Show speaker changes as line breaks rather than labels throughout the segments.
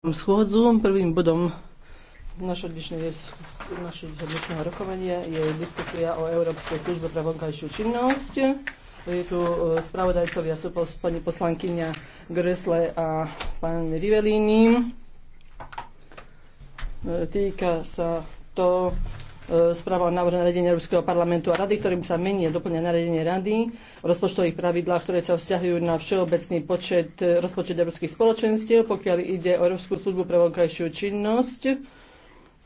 schôdzu. Prvým bodom našho dnešného rokovania je diskusia o Európskej službe pre vonkajšiu činnosť. Je tu e, spravodajcovia sú pani poslankyňa Gresle a pán Rivelini. E, týka sa to E, správa o návrhu nariadenia Európskeho parlamentu a rady, ktorým sa mení a doplňa nariadenie rady o rozpočtových pravidlách, ktoré sa vzťahujú na všeobecný počet, e, rozpočet európskych spoločenstiev, pokiaľ ide o Európsku službu pre vonkajšiu činnosť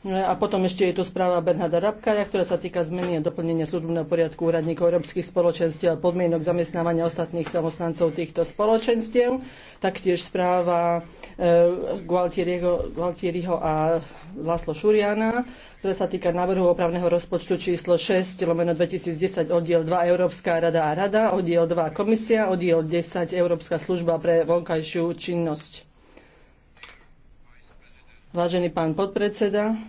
No a potom ešte je tu správa Bernarda Rabkaja, ktorá sa týka zmeny a doplnenia súdobného poriadku úradníkov európskych spoločenstiev a podmienok zamestnávania ostatných samostancov týchto spoločenstiev. Taktiež správa eh, Gualtieriho, Gualtieriho a Laslo Šuriana, ktorá sa týka návrhu opravného rozpočtu číslo 6 lomeno 2010 oddiel 2 Európska rada a rada, oddiel 2 komisia, oddiel 10 Európska služba pre vonkajšiu činnosť. Vážený pán podpredseda,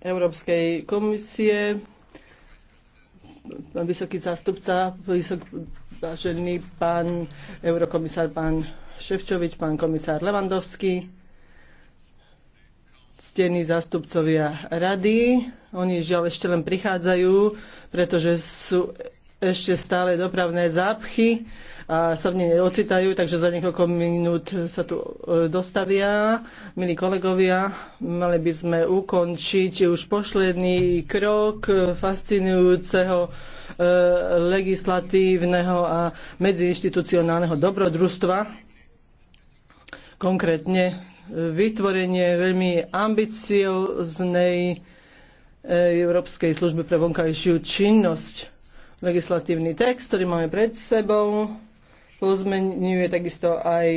Európskej komisie, pán vysoký zástupca, vysok, vážený pán eurokomisár, pán Ševčovič, pán komisár Levandovský, ctení zástupcovia rady. Oni žiaľ ešte len prichádzajú, pretože sú ešte stále dopravné zápchy a sa v nej ocitajú, takže za niekoľko minút sa tu e, dostavia. Milí kolegovia, mali by sme ukončiť už posledný krok fascinujúceho e, legislatívneho a medziinstitucionálneho dobrodružstva konkrétne e, vytvorenie veľmi ambicioznej Európskej služby pre vonkajšiu činnosť. Legislatívny text, ktorý máme pred sebou, pozmeňuje takisto aj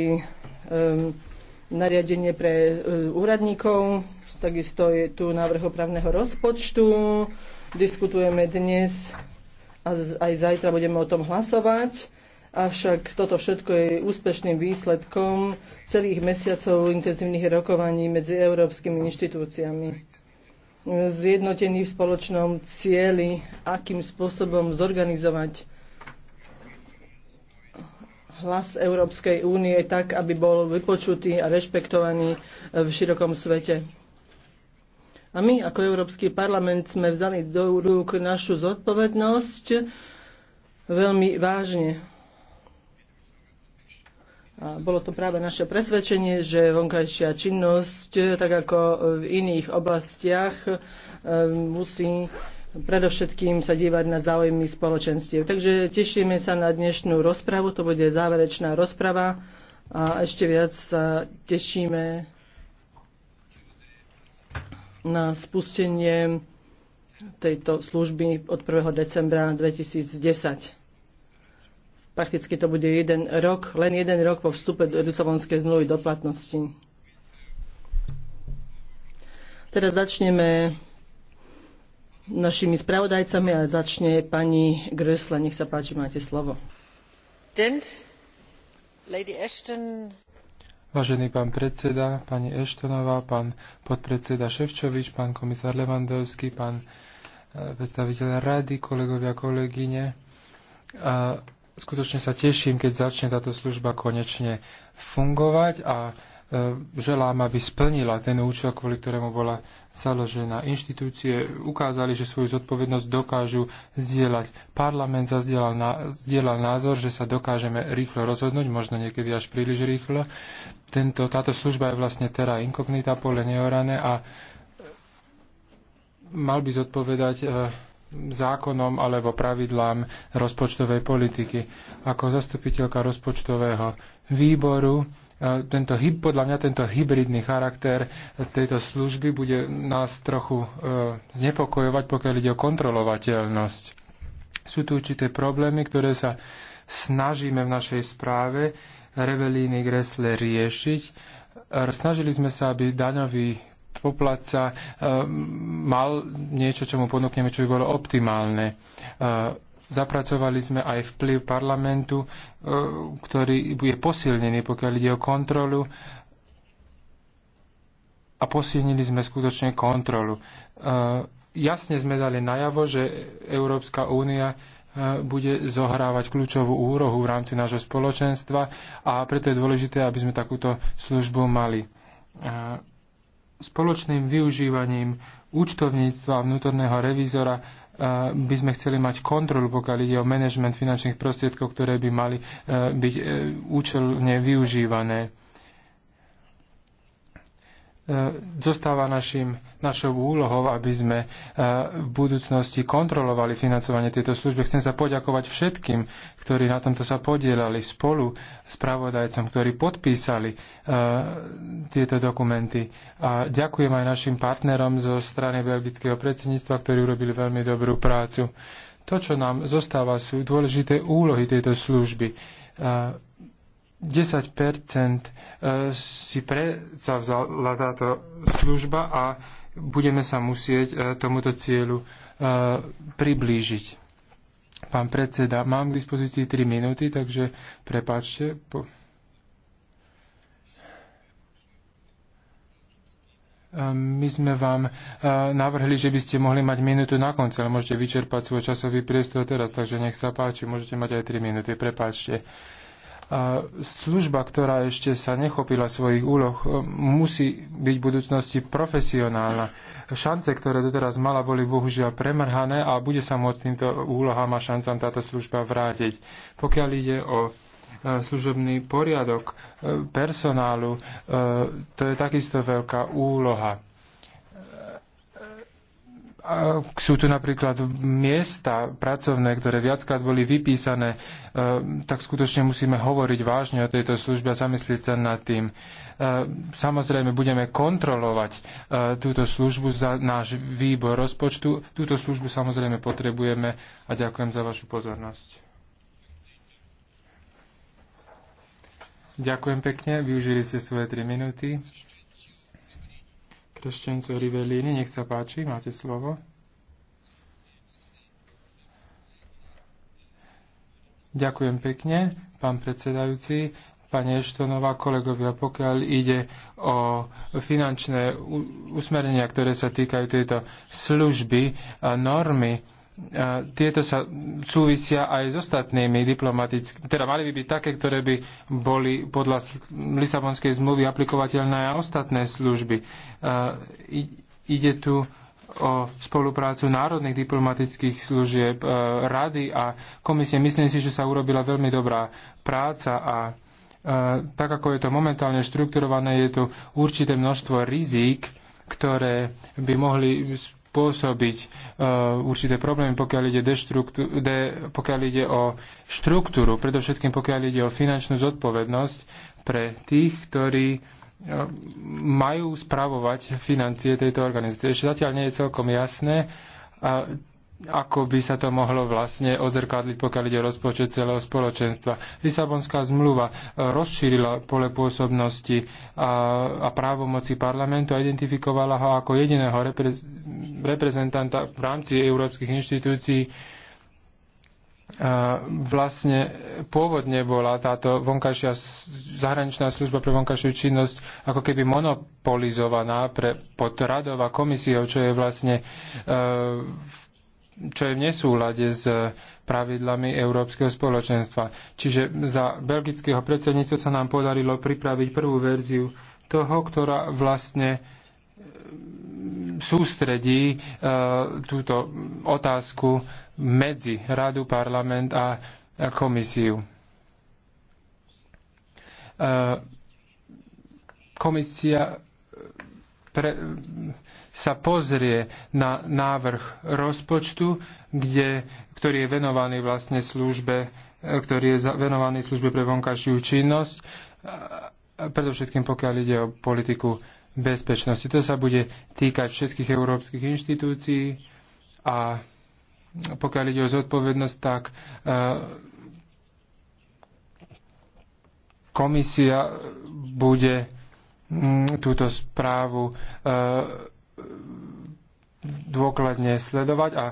um, nariadenie pre e, úradníkov, takisto je tu návrh opravného rozpočtu. Diskutujeme dnes a aj zajtra budeme o tom hlasovať. Avšak toto všetko je úspešným výsledkom celých mesiacov intenzívnych rokovaní medzi európskymi inštitúciami. Zjednotení v spoločnom cieli, akým spôsobom zorganizovať hlas Európskej únie tak, aby bol vypočutý a rešpektovaný v širokom svete. A my ako Európsky parlament sme vzali do rúk našu zodpovednosť veľmi vážne. A bolo to práve naše presvedčenie, že vonkajšia činnosť, tak ako v iných oblastiach, e, musí predovšetkým sa dívať na záujmy spoločenstiev. Takže tešíme sa na dnešnú rozpravu, to bude záverečná rozprava a ešte viac sa tešíme na spustenie tejto služby od 1. decembra 2010. Prakticky to bude jeden rok, len jeden rok po vstupe do Lisabonskej zmluvy do platnosti. Teraz začneme našimi spravodajcami a začne pani grösla, Nech sa páči, máte slovo.
Vážený pán predseda, pani Eštonová, pán podpredseda Ševčovič, pán komisár Levandovský, pán e, predstaviteľ rady, kolegovia, kolegyne. A e, skutočne sa teším, keď začne táto služba konečne fungovať a E, želám, aby splnila ten účel, kvôli ktorému bola založená. Inštitúcie ukázali, že svoju zodpovednosť dokážu zdieľať. Parlament zdieľal názor, že sa dokážeme rýchlo rozhodnúť, možno niekedy až príliš rýchlo. Tento, táto služba je vlastne teraz inkognita pole neorané a mal by zodpovedať e, zákonom alebo pravidlám rozpočtovej politiky. Ako zastupiteľka rozpočtového výboru E, tento, podľa mňa tento hybridný charakter tejto služby bude nás trochu e, znepokojovať, pokiaľ ide o kontrolovateľnosť. Sú tu určité problémy, ktoré sa snažíme v našej správe Revelíny Gressle riešiť. E, snažili sme sa, aby daňový poplatca mal niečo, čo mu ponúkneme, čo by bolo optimálne Zapracovali sme aj vplyv parlamentu, e, ktorý je posilnený, pokiaľ ide o kontrolu a posilnili sme skutočne kontrolu. E, jasne sme dali najavo, že Európska únia e, bude zohrávať kľúčovú úrohu v rámci nášho spoločenstva a preto je dôležité, aby sme takúto službu mali. Spoločným využívaním účtovníctva vnútorného revízora by sme chceli mať kontrolu, pokiaľ ide o management finančných prostriedkov, ktoré by mali e, byť e, účelne využívané. E, zostáva našim, našou úlohou, aby sme e, v budúcnosti kontrolovali financovanie tejto služby. Chcem sa poďakovať všetkým, ktorí na tomto sa podielali spolu s pravodajcom, ktorí podpísali e, tieto dokumenty. A ďakujem aj našim partnerom zo strany belgického predsedníctva, ktorí urobili veľmi dobrú prácu. To, čo nám zostáva, sú dôležité úlohy tejto služby 10 e, si predzavzala táto služba a budeme sa musieť e, tomuto cieľu e, priblížiť. Pán predseda, mám k dispozícii 3 minúty, takže prepáčte. Po... My sme vám navrhli, že by ste mohli mať minútu na konci, ale môžete vyčerpať svoj časový priestor teraz, takže nech sa páči, môžete mať aj 3 minúty, prepáčte služba, ktorá ešte sa nechopila svojich úloh, e, musí byť v budúcnosti profesionálna. Šance, ktoré doteraz mala, boli bohužiaľ premrhané a bude sa môcť týmto úlohám a šancám táto služba vrátiť. Pokiaľ ide o e, služobný poriadok e, personálu, to je takisto veľká úloha sú tu napríklad miesta pracovné, ktoré viackrát boli vypísané, e, tak skutočne musíme hovoriť vážne o tejto službe a zamyslieť sa nad tým. E, samozrejme, budeme kontrolovať e, túto službu za náš výbor rozpočtu. Túto službu samozrejme potrebujeme a ďakujem za vašu pozornosť. Ďakujem pekne, využili ste svoje 3 minúty. Crescenzo Rivellini. Nech sa páči, máte slovo. Ďakujem pekne, pán predsedajúci. Pani Eštonová, kolegovia, pokiaľ ide o finančné usmerenia, ktoré sa týkajú tejto služby a normy, tieto sa súvisia aj s ostatnými diplomatickými, teda mali by byť také, ktoré by boli podľa Lisabonskej zmluvy aplikovateľné aj ostatné služby. Ide tu o spoluprácu národných diplomatických služieb, e, rady a komisie. Myslím si, že sa urobila veľmi dobrá práca a e, tak ako je to momentálne štrukturované, je tu určité množstvo rizík, ktoré by mohli spôsobiť e, určité problémy, pokiaľ ide, de, pokiaľ ide o štruktúru, predovšetkým pokiaľ ide o finančnú zodpovednosť pre tých, ktorí e, majú spravovať financie tejto organizácie. Ešte zatiaľ nie je celkom jasné, ako by sa to mohlo vlastne ozrkadliť, pokiaľ ide o rozpočet celého spoločenstva. Lisabonská zmluva e, rozšírila pole pôsobnosti a, a právomoci parlamentu a identifikovala ho ako jediného reprez, reprezentanta v rámci európskych inštitúcií. A e, vlastne pôvodne bola táto vonkajšia zahraničná služba pre vonkajšiu činnosť ako keby monopolizovaná pre, pod radov a komisiou, čo je vlastne e, čo je v nesúlade s eh, pravidlami Európskeho spoločenstva. Čiže za belgického predsedníctva sa nám podarilo pripraviť prvú verziu toho, ktorá vlastne eh, sústredí eh, túto otázku medzi Radu, parlament a komisiu. Komisia pre, sa pozrie na návrh rozpočtu, kde, ktorý je venovaný vlastne službe, e, ktorý je venovaný službe pre vonkajšiu činnosť, predovšetkým pokiaľ ide o politiku bezpečnosti. To sa bude týkať všetkých európskych inštitúcií a pokiaľ ide o zodpovednosť, tak e, komisia bude Mm, túto správu e, dôkladne sledovať a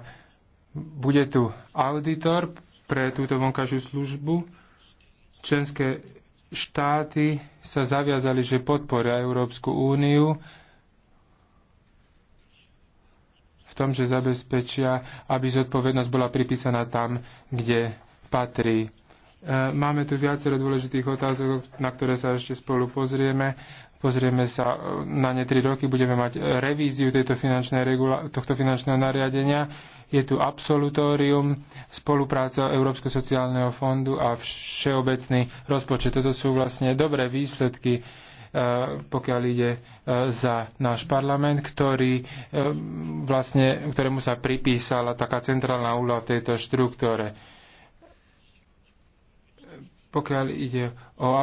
bude tu auditor pre túto vonkažú službu. Členské štáty sa zaviazali, že podporia Európsku úniu v tom, že zabezpečia, aby zodpovednosť bola pripísaná tam, kde patrí. E, máme tu viacero dôležitých otázok, na ktoré sa ešte spolu pozrieme pozrieme sa e, na ne 3 roky, budeme mať e, revíziu tejto finančnej regula- tohto finančného nariadenia. Je tu absolutórium, spolupráca Európskeho sociálneho fondu a všeobecný rozpočet. Toto sú vlastne dobré výsledky e, pokiaľ ide za náš parlament, ktorý vlastne, ktorému sa pripísala taká centrálna úloha v tejto štruktúre pokiaľ ide o,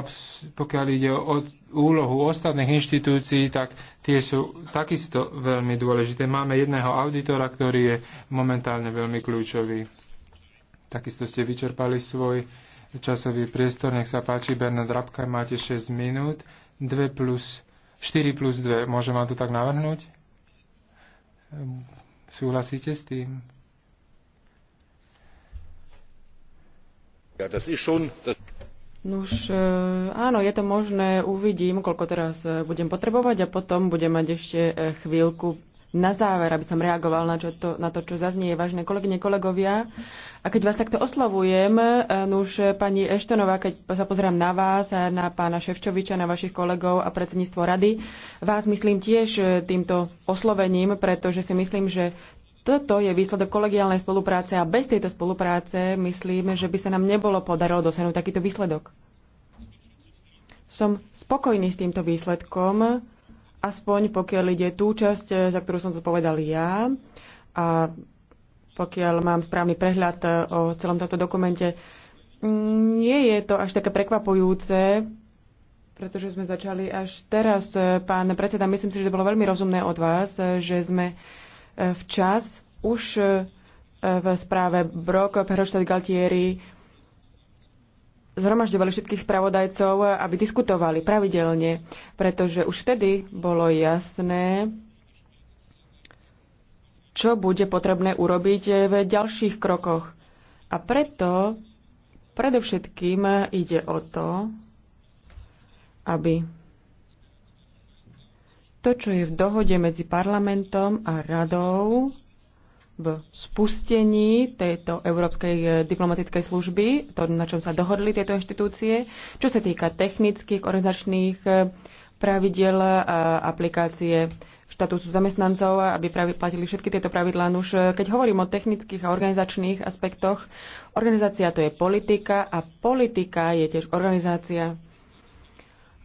pokiaľ ide o úlohu ostatných inštitúcií, tak tie sú takisto veľmi dôležité. Máme jedného auditora, ktorý je momentálne veľmi kľúčový. Takisto ste vyčerpali svoj časový priestor. Nech sa páči, Bernard Rabka, máte 6 minút. 2 plus, 4 plus 2. Môžem vám to tak navrhnúť? Súhlasíte s tým? Ja, das ist schon,
das
Nuž, e, áno, je to možné, uvidím, koľko teraz e, budem potrebovať a potom budem mať ešte e, chvíľku na záver, aby som reagoval na, čo to, na to, čo zaznie, vážne kolegyne, kolegovia. A keď vás takto oslavujem, nuž pani Eštonová, keď sa pozerám na vás, na pána Ševčoviča, na vašich kolegov a predsedníctvo rady, vás myslím tiež týmto oslovením, pretože si myslím, že toto je výsledok kolegiálnej spolupráce a bez tejto spolupráce myslím, že by sa nám nebolo podarilo dosiahnuť takýto výsledok. Som spokojný s týmto výsledkom, aspoň pokiaľ ide tú časť, za ktorú som to povedal ja. A pokiaľ mám správny prehľad eh, o celom tomto dokumente. Mm, nie je to až také prekvapujúce, pretože sme začali až teraz. Eh, pán predseda, myslím si, že to bolo veľmi rozumné od vás, eh, že sme včas. Už e, v správe Brok, Perhoštad Galtieri zhromažďovali všetkých spravodajcov, aby diskutovali pravidelne, pretože už vtedy bolo jasné, čo bude potrebné urobiť v ďalších krokoch. A preto predovšetkým ide o to, aby to, čo je v dohode medzi parlamentom a radou v spustení tejto Európskej eh, diplomatickej služby, to, na čom sa dohodli tieto inštitúcie, čo sa týka technických, organizačných eh, pravidel eh, a aplikácie štatútu zamestnancov, aby platili všetky tieto pravidlá. No už keď hovorím o technických a organizačných aspektoch, organizácia to je politika a politika je tiež organizácia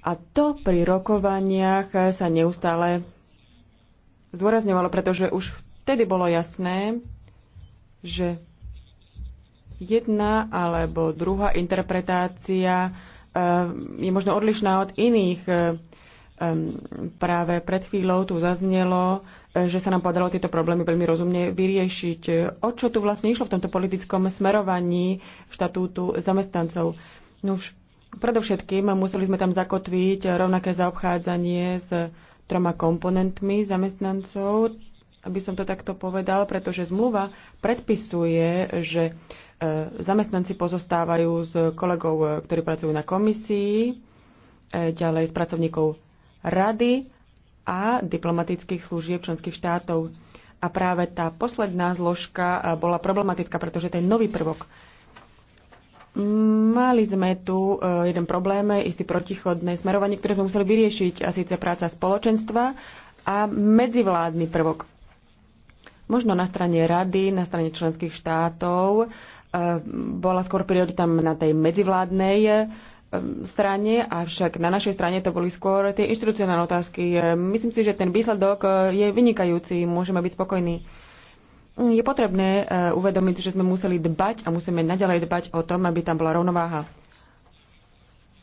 a to pri rokovaniach sa neustále zdôrazňovalo, pretože už vtedy bolo jasné, že jedna alebo druhá interpretácia eh, je možno odlišná od iných. Eh, práve pred chvíľou tu zaznelo, eh, že sa nám podarilo tieto problémy veľmi rozumne vyriešiť. O čo tu vlastne išlo v tomto politickom smerovaní štatútu zamestnancov? No už Predovšetkým museli sme tam zakotviť rovnaké zaobchádzanie s troma komponentmi zamestnancov, aby som to takto povedal, pretože zmluva predpisuje, že e, zamestnanci pozostávajú z kolegov, e, ktorí pracujú na komisii, e, ďalej z pracovníkov rady a diplomatických služieb členských štátov. A práve tá posledná zložka bola problematická, pretože ten nový prvok Mali sme tu eh, jeden problém, istý protichodné smerovanie, ktoré sme museli vyriešiť, a síce práca spoločenstva a medzivládny prvok. Možno na strane rady, na strane členských štátov eh, bola skôr priorita na tej medzivládnej eh, strane, avšak na našej strane to boli skôr tie inštitucionálne otázky. Myslím si, že ten výsledok je vynikajúci, môžeme byť spokojní je potrebné eh, uvedomiť, že sme museli dbať a musíme naďalej dbať o tom, aby tam bola rovnováha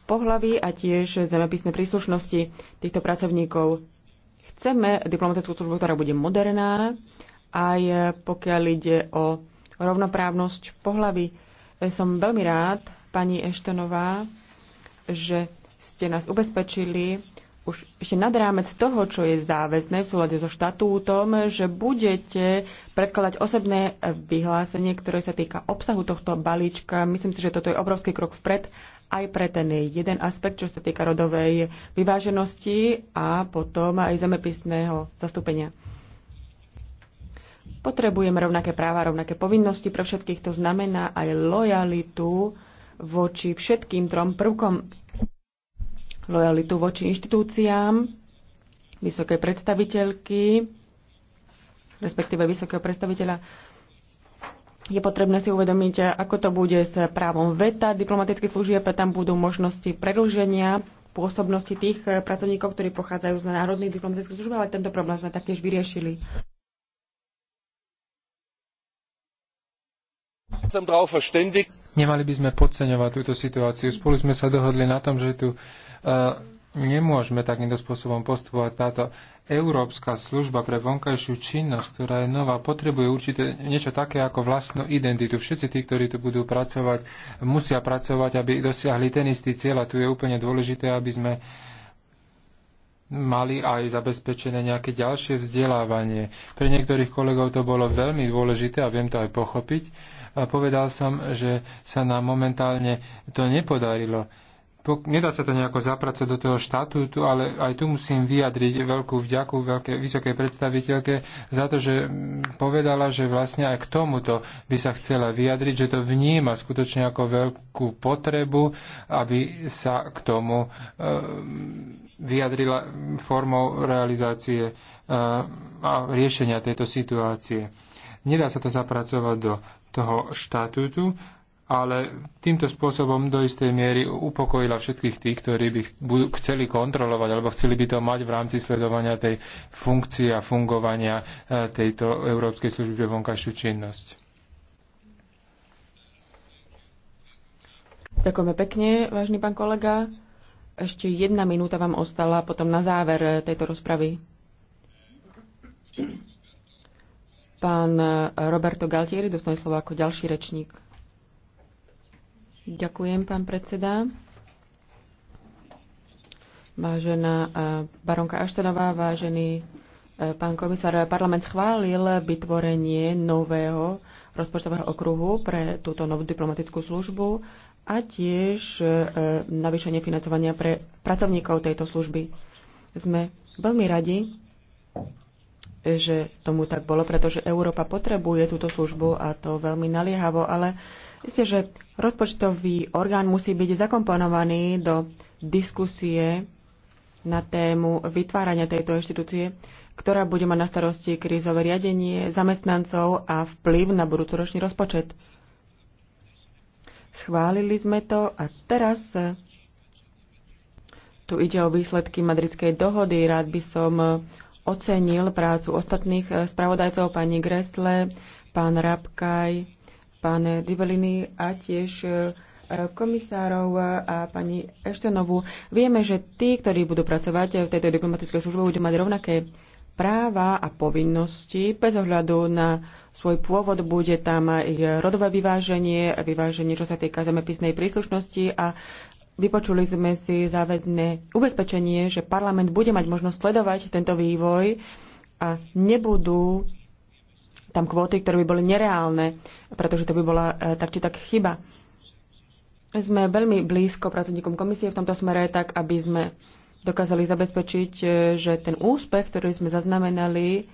pohlavy a tiež zemepisné príslušnosti týchto pracovníkov. Chceme diplomatickú službu, ktorá bude moderná, aj pokiaľ ide o rovnoprávnosť pohlavy. Eh, som veľmi rád, pani Eštonová. že ste nás ubezpečili, už ešte nad rámec toho, čo je záväzné v súlade so štatútom, že budete predkladať osobné vyhlásenie, ktoré sa týka obsahu tohto balíčka. Myslím si, že toto je obrovský krok vpred aj pre ten jeden aspekt, čo sa týka rodovej vyváženosti a potom aj zemepisného zastúpenia. Potrebujeme rovnaké práva, rovnaké povinnosti pre všetkých. To znamená aj lojalitu voči všetkým trom prvkom lojalitu voči inštitúciám, vysokej predstaviteľky, respektíve vysokého predstaviteľa. Je potrebné si uvedomiť, ako to bude s právom VETA diplomatických služieb, tam budú možnosti predlženia pôsobnosti tých pracovníkov, ktorí pochádzajú z národných diplomatických služieb, ale tento problém sme taktiež vyriešili.
Nemali by sme podceňovať túto situáciu. Spolu sme sa dohodli na tom, že tu E, nemôžeme takýmto spôsobom postupovať. Táto Európska služba pre vonkajšiu činnosť, ktorá je nová, potrebuje určite niečo také ako vlastnú identitu. Všetci tí, ktorí tu budú pracovať, musia pracovať, aby dosiahli ten istý cieľ a tu je úplne dôležité, aby sme mali aj zabezpečené nejaké ďalšie vzdelávanie. Pre niektorých kolegov to bolo veľmi dôležité a viem to aj pochopiť. A povedal som, že sa nám momentálne to nepodarilo nedá sa to nejako zapracovať do toho štatútu, ale aj tu musím vyjadriť veľkú vďaku veľké, vysokej predstaviteľke za to, že mm, povedala, že vlastne aj k tomuto by sa chcela vyjadriť, že to vníma skutočne ako veľkú potrebu, aby sa k tomu e, vyjadrila formou realizácie e, a riešenia tejto situácie. Nedá sa to zapracovať do toho štatútu, ale týmto spôsobom do istej miery upokojila všetkých tých, ktorí by chceli kontrolovať alebo chceli by to mať v rámci sledovania tej funkcie a fungovania e, tejto Európskej služby pre vonkajšiu činnosť.
Ďakujeme pekne, vážny pán kolega. Ešte jedna minúta vám ostala potom na záver e, tejto rozpravy. Pán e, Roberto Galtieri dostane slovo ako ďalší rečník. Ďakujem, pán predseda. Vážená eh, baronka Aštenová, vážený eh, pán komisár, parlament schválil vytvorenie nového rozpočtového okruhu pre túto novú diplomatickú službu a tiež eh, navýšenie financovania pre pracovníkov tejto služby. Sme veľmi radi, že tomu tak bolo, pretože Európa potrebuje túto službu a to veľmi naliehavo, ale Myslíte, že rozpočtový orgán musí byť zakomponovaný do diskusie na tému vytvárania tejto inštitúcie, ktorá bude mať na starosti krízové riadenie zamestnancov a vplyv na budúcoročný rozpočet. Schválili sme to a teraz tu ide o výsledky Madridskej dohody. Rád by som ocenil prácu ostatných spravodajcov, pani Gresle, pán Rabkaj, pán Divelini a tiež e, komisárov a pani Eštenovú. Vieme, že tí, ktorí budú pracovať v tejto diplomatickej službe, budú mať rovnaké práva a povinnosti bez ohľadu na svoj pôvod. Bude tam aj rodové vyváženie, vyváženie, čo sa týka zemepisnej príslušnosti a vypočuli sme si záväzné ubezpečenie, že parlament bude mať možnosť sledovať tento vývoj a nebudú tam kvóty, ktoré by boli nereálne, pretože to by bola e, tak či tak chyba. Sme veľmi blízko pracovníkom komisie v tomto smere, tak aby sme dokázali zabezpečiť, e, že ten úspech, ktorý sme zaznamenali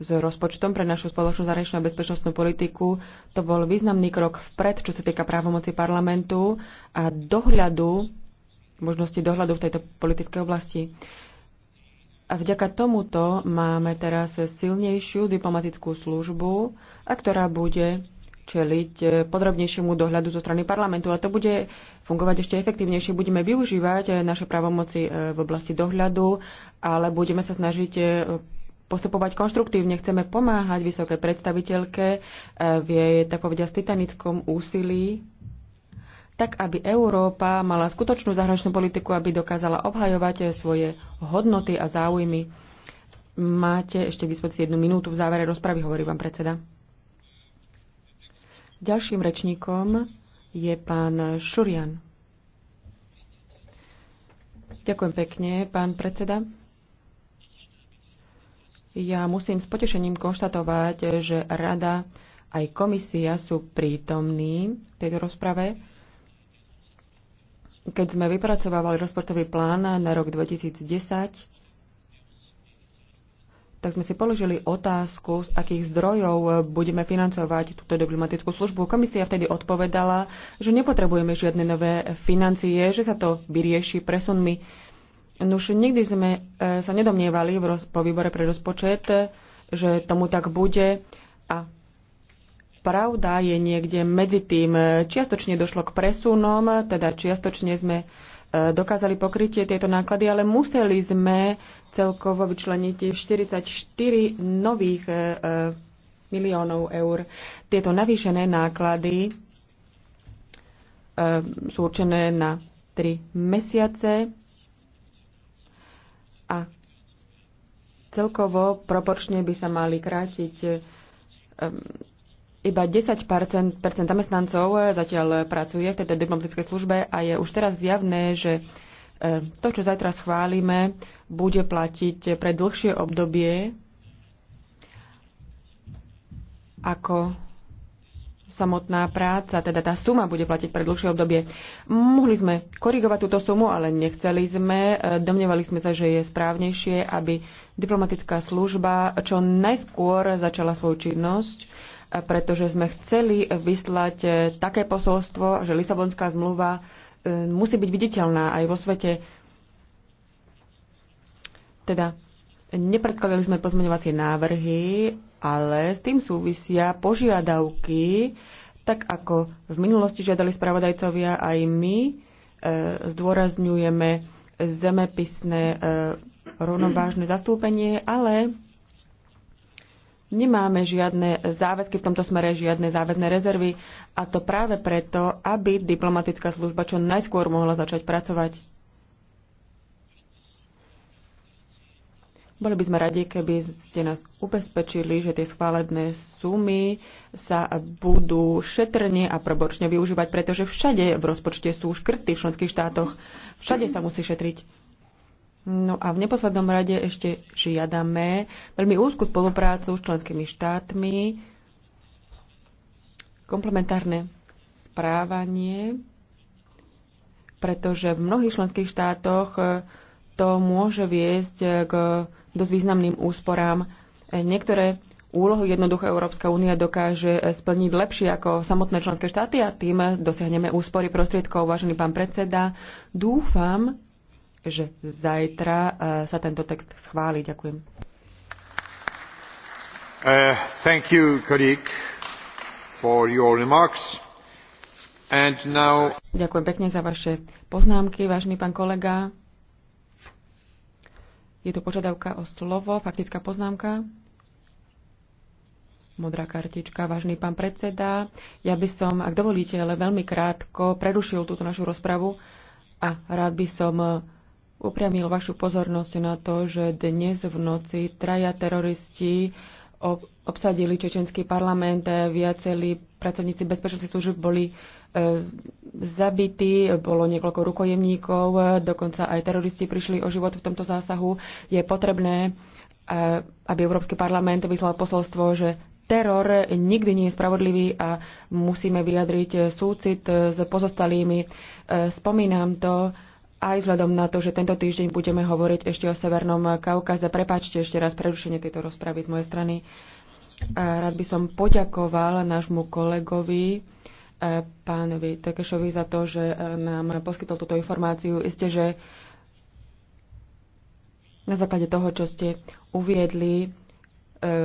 s rozpočtom pre našu spoločnú zahraničnú a bezpečnostnú politiku, to bol významný krok vpred, čo sa týka právomoci parlamentu a dohľadu, možnosti dohľadu v tejto politickej oblasti. A vďaka tomuto máme teraz silnejšiu diplomatickú službu, a ktorá bude čeliť podrobnejšiemu dohľadu zo strany parlamentu. A to bude fungovať ešte efektívnejšie. Budeme využívať naše právomoci e, v oblasti dohľadu, ale budeme sa snažiť e, postupovať konštruktívne. Chceme pomáhať vysokej predstaviteľke e, v jej, tak povediať, titanickom úsilí tak aby Európa mala skutočnú zahraničnú politiku, aby dokázala obhajovať svoje hodnoty a záujmy. Máte ešte k dispozícii jednu minútu v závere rozpravy, hovorí vám predseda. Ďalším rečníkom je pán Šurian. Ďakujem pekne, pán predseda. Ja musím s potešením konštatovať, že rada aj komisia sú prítomní v tejto rozprave keď sme vypracovávali rozpočtový plán na rok 2010, tak sme si položili otázku, z akých zdrojov budeme financovať túto diplomatickú službu. Komisia vtedy odpovedala, že nepotrebujeme žiadne nové financie, že sa to vyrieši presunmi. Už nikdy sme e, sa nedomnievali po výbore pre rozpočet, e, že tomu tak bude a pravda je niekde medzi tým. Čiastočne došlo k presunom, teda čiastočne sme e, dokázali pokrytie tieto náklady, ale museli sme celkovo vyčleniť 44 nových e, e, miliónov eur. Tieto navýšené náklady sú určené na 3 mesiace a celkovo proporčne by sa mali krátiť iba 10 zamestnancov eh, zatiaľ eh, pracuje v tejto diplomatickej službe a je už teraz zjavné, že eh, to, čo zajtra schválime, bude platiť pre dlhšie obdobie, ako samotná práca, teda tá suma bude platiť pre dlhšie obdobie. Mohli sme korigovať túto sumu, ale nechceli sme. Domnievali sme sa, že je správnejšie, aby diplomatická služba čo najskôr začala svoju činnosť pretože sme chceli vyslať e, také posolstvo, že Lisabonská zmluva e, musí byť viditeľná aj vo svete. Teda nepredkladali sme pozmeňovacie návrhy, ale s tým súvisia požiadavky, tak ako v minulosti žiadali spravodajcovia aj my, e, zdôrazňujeme zemepisné e, rovnovážne zastúpenie, ale Nemáme žiadne záväzky v tomto smere, žiadne záväzné rezervy a to práve preto, aby diplomatická služba čo najskôr mohla začať pracovať. Boli by sme radi, keby ste nás ubezpečili, že tie schválené sumy sa budú šetrne a proborčne využívať, pretože všade v rozpočte sú škrty v členských štátoch. Všade sa musí šetriť. No a v neposlednom rade ešte žiadame veľmi úzku spoluprácu s členskými štátmi, komplementárne správanie, pretože v mnohých členských štátoch to môže viesť k dosť významným úsporám. Niektoré úlohy jednoducho Európska únia dokáže splniť lepšie ako samotné členské štáty a tým dosiahneme úspory prostriedkov. Vážený pán predseda, dúfam, že zajtra e, sa tento text schváli. Ďakujem.
Uh, thank you, colleague, for your remarks. And now...
Ďakujem pekne za vaše poznámky, vážny pán kolega. Je tu požiadavka o slovo, faktická poznámka. Modrá kartička, vážny pán predseda. Ja by som, ak dovolíte, ale veľmi krátko prerušil túto našu rozpravu a rád by som upriamil vašu pozornosť na to, že dnes v noci traja teroristi obsadili čečenský parlament, viacerí pracovníci bezpečnostných služieb boli e, zabití, bolo niekoľko rukojemníkov, dokonca aj teroristi prišli o život v tomto zásahu. Je potrebné, e, aby Európsky parlament vyslal posolstvo, že teror nikdy nie je spravodlivý a musíme vyjadriť súcit s pozostalými. E, spomínam to aj vzhľadom na to, že tento týždeň budeme hovoriť ešte o Severnom Kaukaze. Prepačte ešte raz prerušenie tejto rozpravy z mojej strany. E, rád by som poďakoval nášmu kolegovi, e, pánovi Tekešovi, za to, že e, nám poskytol túto informáciu. Isté, že na základe toho, čo ste uviedli,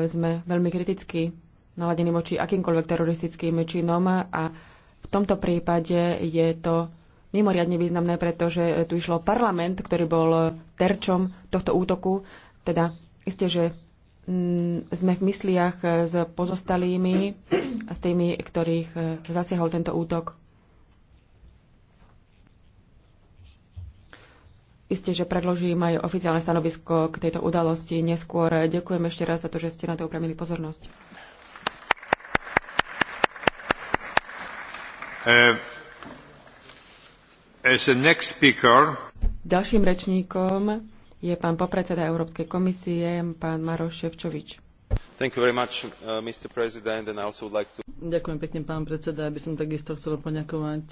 sme veľmi kriticky naladení voči akýmkoľvek teroristickým činom a v tomto prípade je to mimoriadne významné, pretože e, tu išlo parlament, ktorý bol e, terčom tohto útoku. Teda isté, že mm, sme v mysliach e, s pozostalými a s tými, ktorých zasiahol tento útok. Isté, že predložím aj oficiálne stanovisko k tejto udalosti neskôr. Ďakujem ešte raz za to, že ste na to upremili pozornosť. E Ďalším rečníkom je pán popredseda Európskej komisie, pán Maroš Ševčovič.
Uh,
Ďakujem pekne, pán predseda. Ja by som takisto chcel poďakovať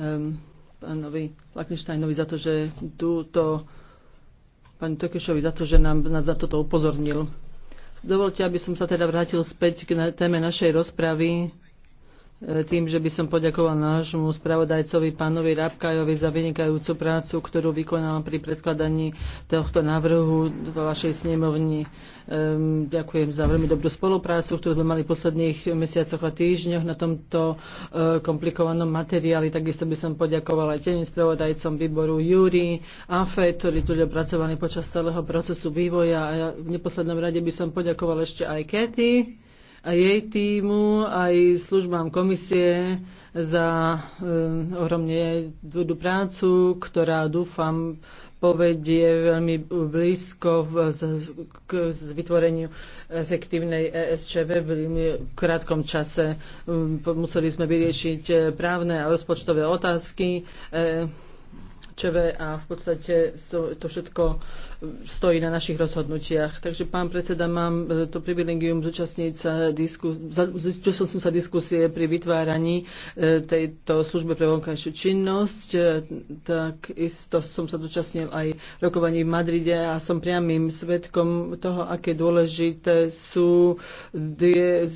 um, pánovi Lakneštajnovi za to, že túto pani Tokešovi za to, že nám, nás za toto upozornil. Dovolte, aby som sa teda vrátil späť k téme našej rozpravy E, tým, že by som poďakoval nášmu spravodajcovi pánovi Rabkajovi za vynikajúcu prácu, ktorú vykonal pri predkladaní tohto návrhu vo vašej snemovni. Ehm, ďakujem za veľmi dobrú spoluprácu, ktorú sme mali v posledných mesiacoch a týždňoch na tomto e, komplikovanom materiáli. Takisto by som poďakovala aj tým spravodajcom výboru Júri a Fed, ktorí tu pracovali počas celého procesu vývoja. A ja v neposlednom rade by som poďakoval ešte aj Katie a jej týmu, aj službám komisie za e, ohromne dôdu prácu, ktorá dúfam povedie veľmi blízko k vytvoreniu efektívnej ESČV v krátkom čase. Mm, museli sme vyriešiť eh, právne a rozpočtové otázky. Eh, ČV a v podstate to všetko stojí na našich rozhodnutiach. Takže, pán predseda, mám e, to privilegium zúčastniť sa diskusie, zúčastnil som sa diskusie pri vytváraní e, tejto službe pre vonkajšiu činnosť. E, tak isto som sa zúčastnil aj rokovaní v Madride a som priamým svetkom toho, aké dôležité sú je,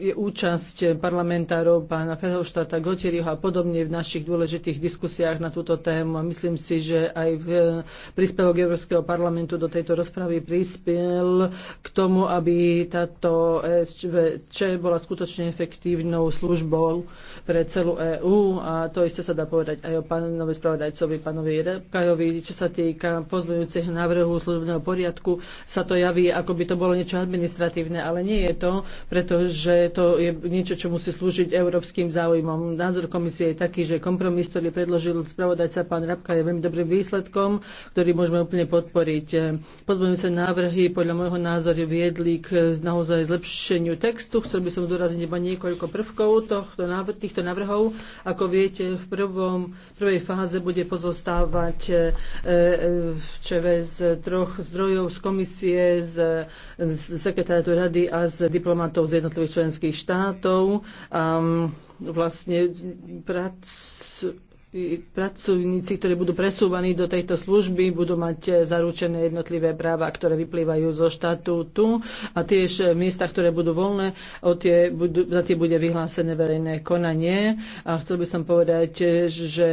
je účasť parlamentárov pána Ferhoštáta, Gotieriho a podobne v našich dôležitých diskusiách na túto tému a myslím si, že aj v eh, príspevok Európskeho parlamentu do tejto rozpravy prispiel k tomu, aby táto ESČ bola skutočne efektívnou službou pre celú EÚ a to isté sa dá povedať aj o pánovi spravodajcovi, pánovi Rebkajovi, čo sa týka pozmeňujúcich návrhu služobného poriadku, sa to javí, ako by to bolo niečo administratívne, ale nie je to, pretože to je niečo, čo musí slúžiť európskym záujmom. Názor komisie je taký, že kompromis, ktorý predložil spravodajca predsa pán Rabka je veľmi dobrým výsledkom, ktorý môžeme úplne podporiť. Pozmeňujúce návrhy podľa môjho názoru viedli k naozaj zlepšeniu textu. Chcel by som doraziť iba niekoľko prvkov tohto týchto návrhov. Ako viete, v prvom, prvej fáze bude pozostávať e, e, ČV z troch zdrojov z komisie, z, z sekretátu rady a z diplomatov z jednotlivých členských štátov. Um, vlastne prac, pracovníci, ktorí budú presúvaní do tejto služby, budú mať e, zaručené jednotlivé práva, ktoré vyplývajú zo štatútu a tiež e, miesta, ktoré budú voľné, o tie budú, za tie bude vyhlásené verejné konanie. A chcel by som povedať, e, že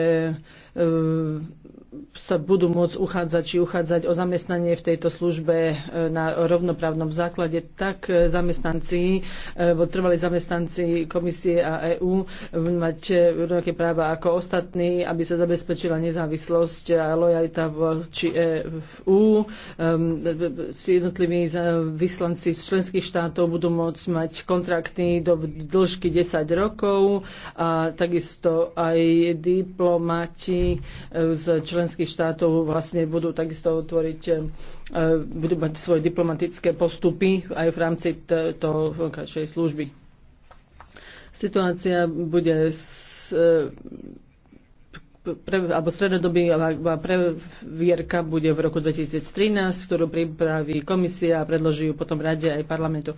sa budú môcť uchádzať či uchádzať o zamestnanie v tejto službe e, na rovnoprávnom základe, tak e, zamestnanci, e, trvalí zamestnanci komisie a EÚ mať rovnaké práva ako ostatní, aby sa zabezpečila nezávislosť a lojalita voči EÚ. Ehm, jednotliví vyslanci z členských štátov budú môcť mať kontrakty do dĺžky 10 rokov a takisto aj diplomati z členských členských štátov vlastne budú takisto otvoriť, e, budú mať svoje diplomatické postupy aj v rámci toho vonkajšej služby. Situácia bude s, e, pre, alebo strednodobá previerka bude v roku 2013, ktorú pripraví komisia a predloží ju potom rade aj parlamentu.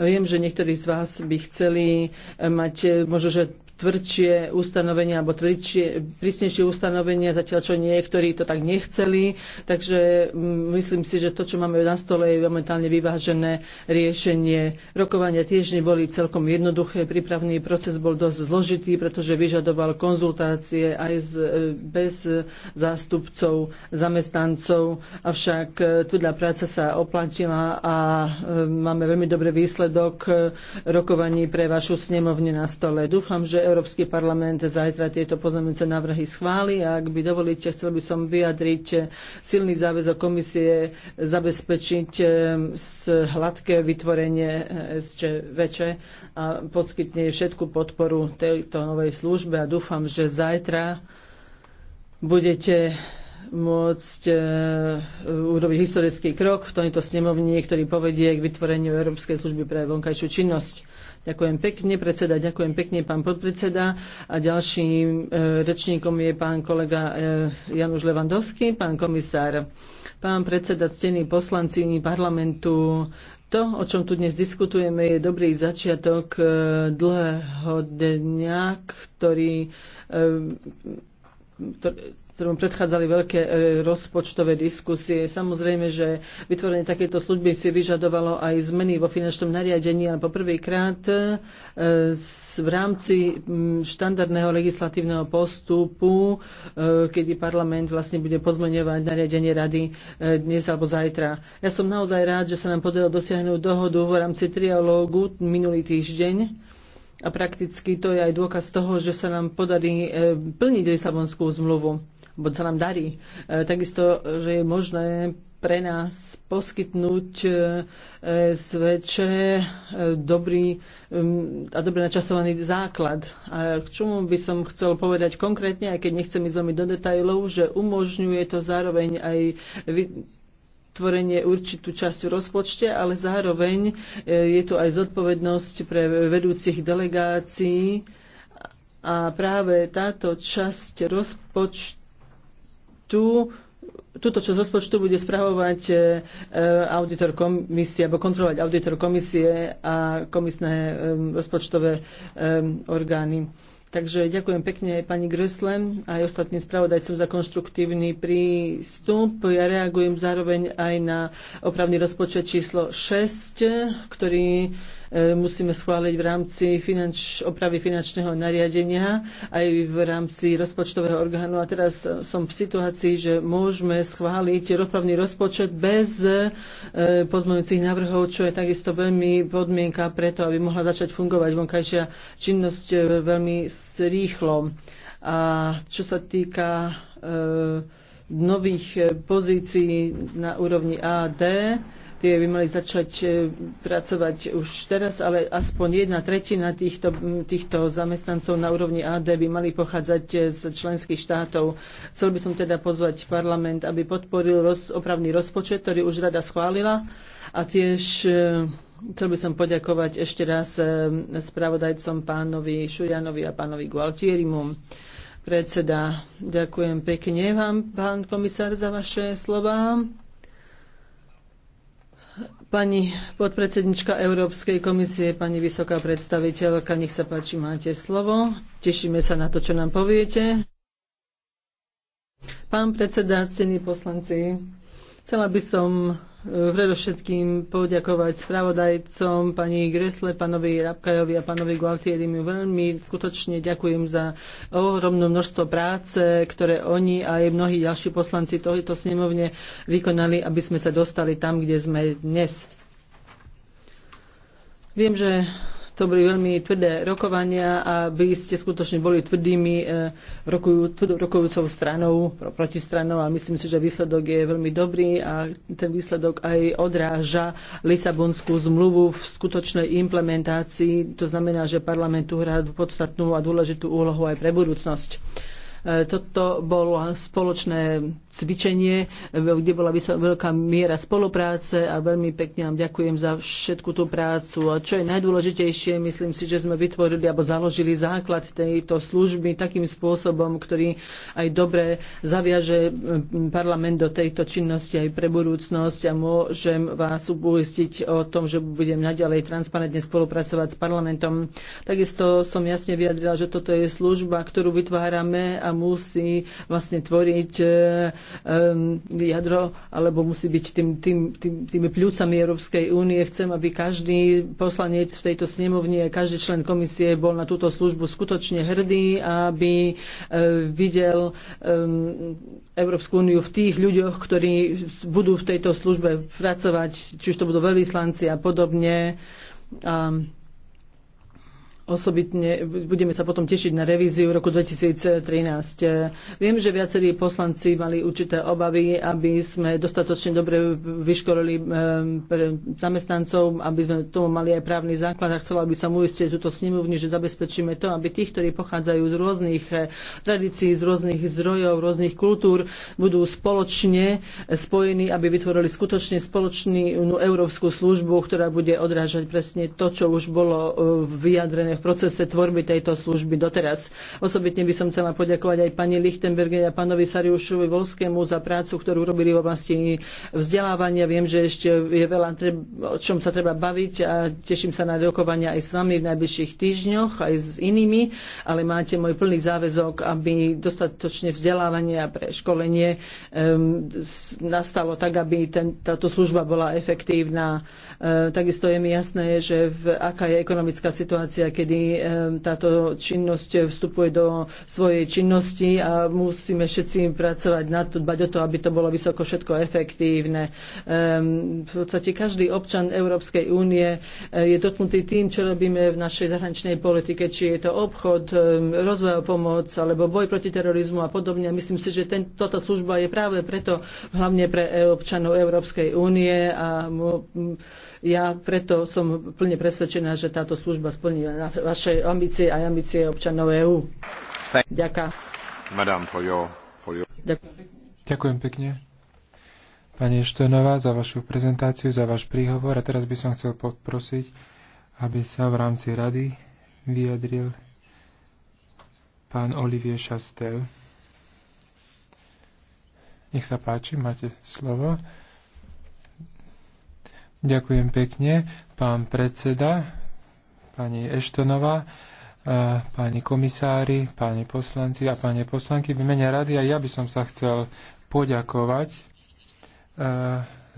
Viem, že niektorí z vás by chceli e, mať možno, že tvrdšie ustanovenia alebo tvrdšie, prísnejšie ustanovenia, zatiaľ čo niektorí to tak nechceli. Takže mm, myslím si, že to, čo máme na stole, je momentálne vyvážené riešenie. Rokovania tiež neboli celkom jednoduché. Prípravný proces bol dosť zložitý, pretože vyžadoval konzultácie aj z, e, bez zástupcov zamestnancov. Avšak e, tvrdá práca sa oplatila a e, máme veľmi dobrý výsledok rokovaní pre vašu snemovne na stole. Dúfam, že Európsky parlament zajtra tieto pozmeňujúce návrhy schváli. A ak by dovolíte, chcel by som vyjadriť silný záväzok komisie zabezpečiť eh, hladké vytvorenie eh, väčšie a podskytne všetku podporu tejto novej službe a dúfam, že zajtra budete môcť e, urobiť historický krok v tomto snemovni, ktorý povedie k vytvoreniu Európskej služby pre vonkajšiu činnosť. Ďakujem pekne, predseda, ďakujem pekne, pán podpredseda. A ďalším e, rečníkom je pán kolega e, Januš Levandovský, pán komisár. Pán predseda, ctení poslanci parlamentu, to, o čom tu dnes diskutujeme, je dobrý začiatok e, dlhého dňa, ktorý, ktorý ktorom predchádzali veľké e, rozpočtové diskusie. Samozrejme, že vytvorenie takéto služby si vyžadovalo aj zmeny vo finančnom nariadení, ale poprvýkrát e, v rámci štandardného legislatívneho postupu, e, kedy parlament vlastne bude pozmeňovať nariadenie rady dnes alebo zajtra. Ja som naozaj rád, že sa nám podarilo dosiahnuť dohodu v rámci trialógu minulý týždeň. A prakticky to je aj dôkaz toho, že sa nám podarí plniť Lisabonskú zmluvu bo sa nám darí. E, takisto, že je možné pre nás poskytnúť zväčšie e, dobrý a dobre načasovaný základ. A k čomu by som chcel povedať konkrétne, aj keď nechcem ísť veľmi do detajlov, že umožňuje to zároveň aj tvorenie určitú časť v rozpočte, ale zároveň e, je tu aj zodpovednosť pre vedúcich delegácií a práve táto časť rozpočtu tu túto časť rozpočtu bude spravovať e, e, auditor komisie, alebo kontrolovať auditor komisie a komisné rozpočtové orgány. Takže ďakujem pekne aj pani Gröslem a aj ostatným spravodajcom za konštruktívny prístup. Ja reagujem zároveň aj na opravný rozpočet číslo 6, ktorý E, musíme schváliť v rámci finanč, opravy finančného nariadenia aj v rámci rozpočtového orgánu. A teraz som v situácii, že môžeme schváliť rozpravný rozpočet bez e, pozmeňujúcich návrhov, čo je takisto veľmi podmienka preto, aby mohla začať fungovať vonkajšia činnosť e, veľmi rýchlo. A čo sa týka nových pozícií na úrovni AD, tie by mali začať e, pracovať už teraz, ale aspoň jedna tretina týchto, týchto zamestnancov na úrovni AD by mali pochádzať e, z členských štátov. Chcel by som teda pozvať parlament, aby podporil roz, opravný rozpočet, ktorý už rada schválila a tiež e, chcel by som poďakovať ešte raz spravodajcom pánovi Šurianovi a pánovi Gualtierimu predseda. Ďakujem pekne vám, pán komisár, za vaše slova. Pani podpredsednička Európskej komisie, pani vysoká predstaviteľka, nech sa páči, máte slovo. Tešíme sa na to, čo nám poviete. Pán predseda, cení poslanci, Chcela by som e, predovšetkým poďakovať spravodajcom pani Gresle, pánovi Rabkajovi a pánovi Gualtierimu. Veľmi skutočne ďakujem za ohromné množstvo práce, ktoré oni a aj mnohí ďalší poslanci tohoto snemovne vykonali, aby sme sa dostali tam, kde sme dnes. Viem, že to boli veľmi tvrdé rokovania a vy ste skutočne boli tvrdými e, rokujú, rokujúcou stranou, protistranou a myslím si, že výsledok je veľmi dobrý a ten výsledok aj odráža Lisabonskú zmluvu v skutočnej implementácii. To znamená, že parlament tu hrá podstatnú a dôležitú úlohu aj pre budúcnosť. E, toto bolo spoločné cvičenie, e, kde bola veľká miera spolupráce a veľmi pekne vám ďakujem za všetku tú prácu. A čo je najdôležitejšie, myslím si, že sme vytvorili alebo založili základ tejto služby takým spôsobom, ktorý aj dobre zaviaže e, parlament do tejto činnosti aj pre budúcnosť a môžem vás uistiť o tom, že budem naďalej transparentne spolupracovať s parlamentom. Takisto som jasne vyjadrila, že toto je služba, ktorú vytvárame a a musí vlastne tvoriť e, jadro alebo musí byť tým, tým, tým, tými pľúcami Európskej únie. Chcem, aby každý poslanec v tejto snemovni a každý člen komisie bol na túto službu skutočne hrdý, aby e, videl Európsku úniu v tých ľuďoch, ktorí budú v tejto službe pracovať, či už to budú veľvyslanci a podobne osobitne budeme sa potom tešiť na revíziu roku 2013. Viem, že viacerí poslanci mali určité obavy, aby sme dostatočne dobre vyškolili eh, zamestnancov, aby sme tomu mali aj právny základ a chcela by som uistiť túto snemovňu, že zabezpečíme to, aby tí, ktorí pochádzajú z rôznych eh, tradícií, z rôznych zdrojov, rôznych kultúr, budú spoločne spojení, aby vytvorili skutočne spoločnú európsku službu, ktorá bude odrážať presne to, čo už bolo eh, vyjadrené v procese tvorby tejto služby doteraz. Osobitne by som chcela poďakovať aj pani Lichtenberge a pánovi Sariušovi Volskému za prácu, ktorú robili v oblasti vzdelávania. Viem, že ešte je veľa, o čom sa treba baviť a teším sa na rokovania aj s vami v najbližších týždňoch, aj s inými, ale máte môj plný záväzok, aby dostatočne vzdelávanie a preškolenie um, nastalo tak, aby ten, táto služba bola efektívna. E, takisto je mi jasné, že v, aká je ekonomická situácia, keď kedy táto činnosť vstupuje do svojej činnosti a musíme všetci pracovať na to, dbať o to, aby to bolo vysoko všetko efektívne. V podstate každý občan Európskej únie eh, je dotknutý tým, čo robíme v našej zahraničnej politike, či je to obchod, rozvojová pomoc alebo boj proti terorizmu a podobne. Myslím si, že ten, toto služba je práve preto hlavne pre občanov Európskej únie a ja preto som plne presvedčená, že táto služba splní na vaše ambície aj ambície občanov EÚ.
Ďakujem.
Ďakujem pekne. Pani Štenová, za vašu prezentáciu, za váš príhovor. A teraz by som chcel poprosiť, aby sa v rámci rady vyjadril pán Olivier Chastel. Nech sa páči, máte slovo. Ďakujem pekne, pán predseda, pani Eštonová, e, páni komisári, páni poslanci a páni poslanky v mene rady a ja by som sa chcel poďakovať e,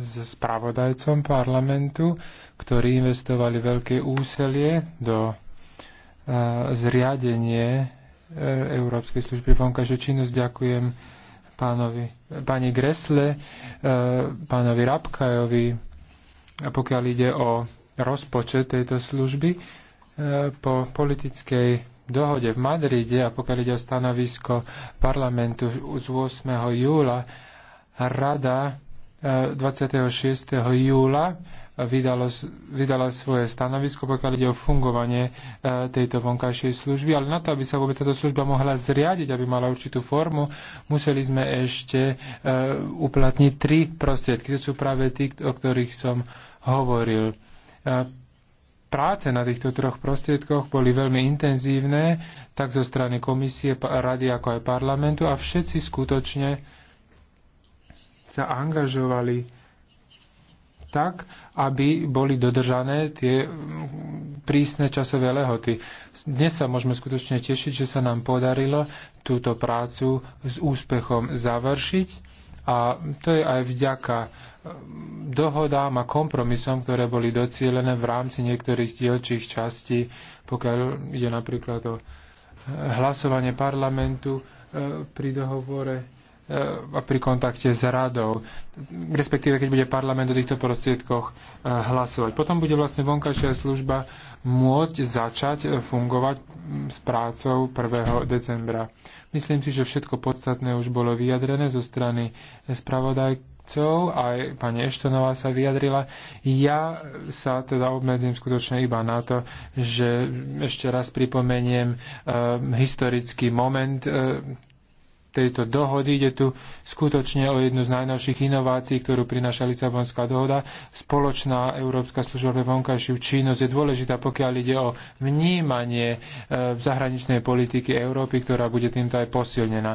s spravodajcom parlamentu, ktorí investovali veľké úselie do e, zriadenie Európskej služby vonkajšiu činnosť. Ďakujem pánovi, pani Gresle, pánovi Rabkajovi, pokiaľ ide o rozpočet tejto služby po politickej dohode v Madride a pokiaľ ide o stanovisko parlamentu z 8. júla, rada 26. Eh, júla eh, vydalo, vydala svoje stanovisko, pokiaľ ide o fungovanie eh, tejto vonkajšej služby. Ale na to, aby sa vôbec táto služba mohla zriadiť, aby mala určitú formu, museli sme ešte uplatniť tri prostriedky. To sú práve tí, o ktorých som hovoril práce na týchto troch prostriedkoch boli veľmi intenzívne, tak zo strany komisie, rady, ako aj parlamentu a všetci skutočne sa angažovali tak, aby boli dodržané tie prísne časové lehoty. Dnes sa môžeme skutočne tešiť, že sa nám podarilo túto prácu s úspechom završiť a to je aj vďaka um, dohodám a kompromisom, ktoré boli docielené v rámci niektorých dielčích častí, pokiaľ ide napríklad o eh, hlasovanie parlamentu eh, pri dohovore eh, a pri kontakte s radou, respektíve keď bude parlament o týchto prostriedkoch hlasovať. Potom bude vlastne vonkajšia služba môcť začať e, fungovať s prácou 1. decembra. Myslím si, že všetko podstatné už bolo vyjadrené zo strany spravodajcov, aj pani Eštonová sa vyjadrila. Ja e, sa teda obmedzím skutočne iba na to, že ešte raz pripomeniem e, historický moment E, tejto dohody. Ide tu skutočne o jednu z najnovších inovácií, ktorú prináša Lisabonská dohoda. Spoločná Európska služba pre vonkajšiu činnosť je dôležitá, pokiaľ ide o vnímanie e, v zahraničnej politiky Európy, ktorá bude týmto aj posilnená.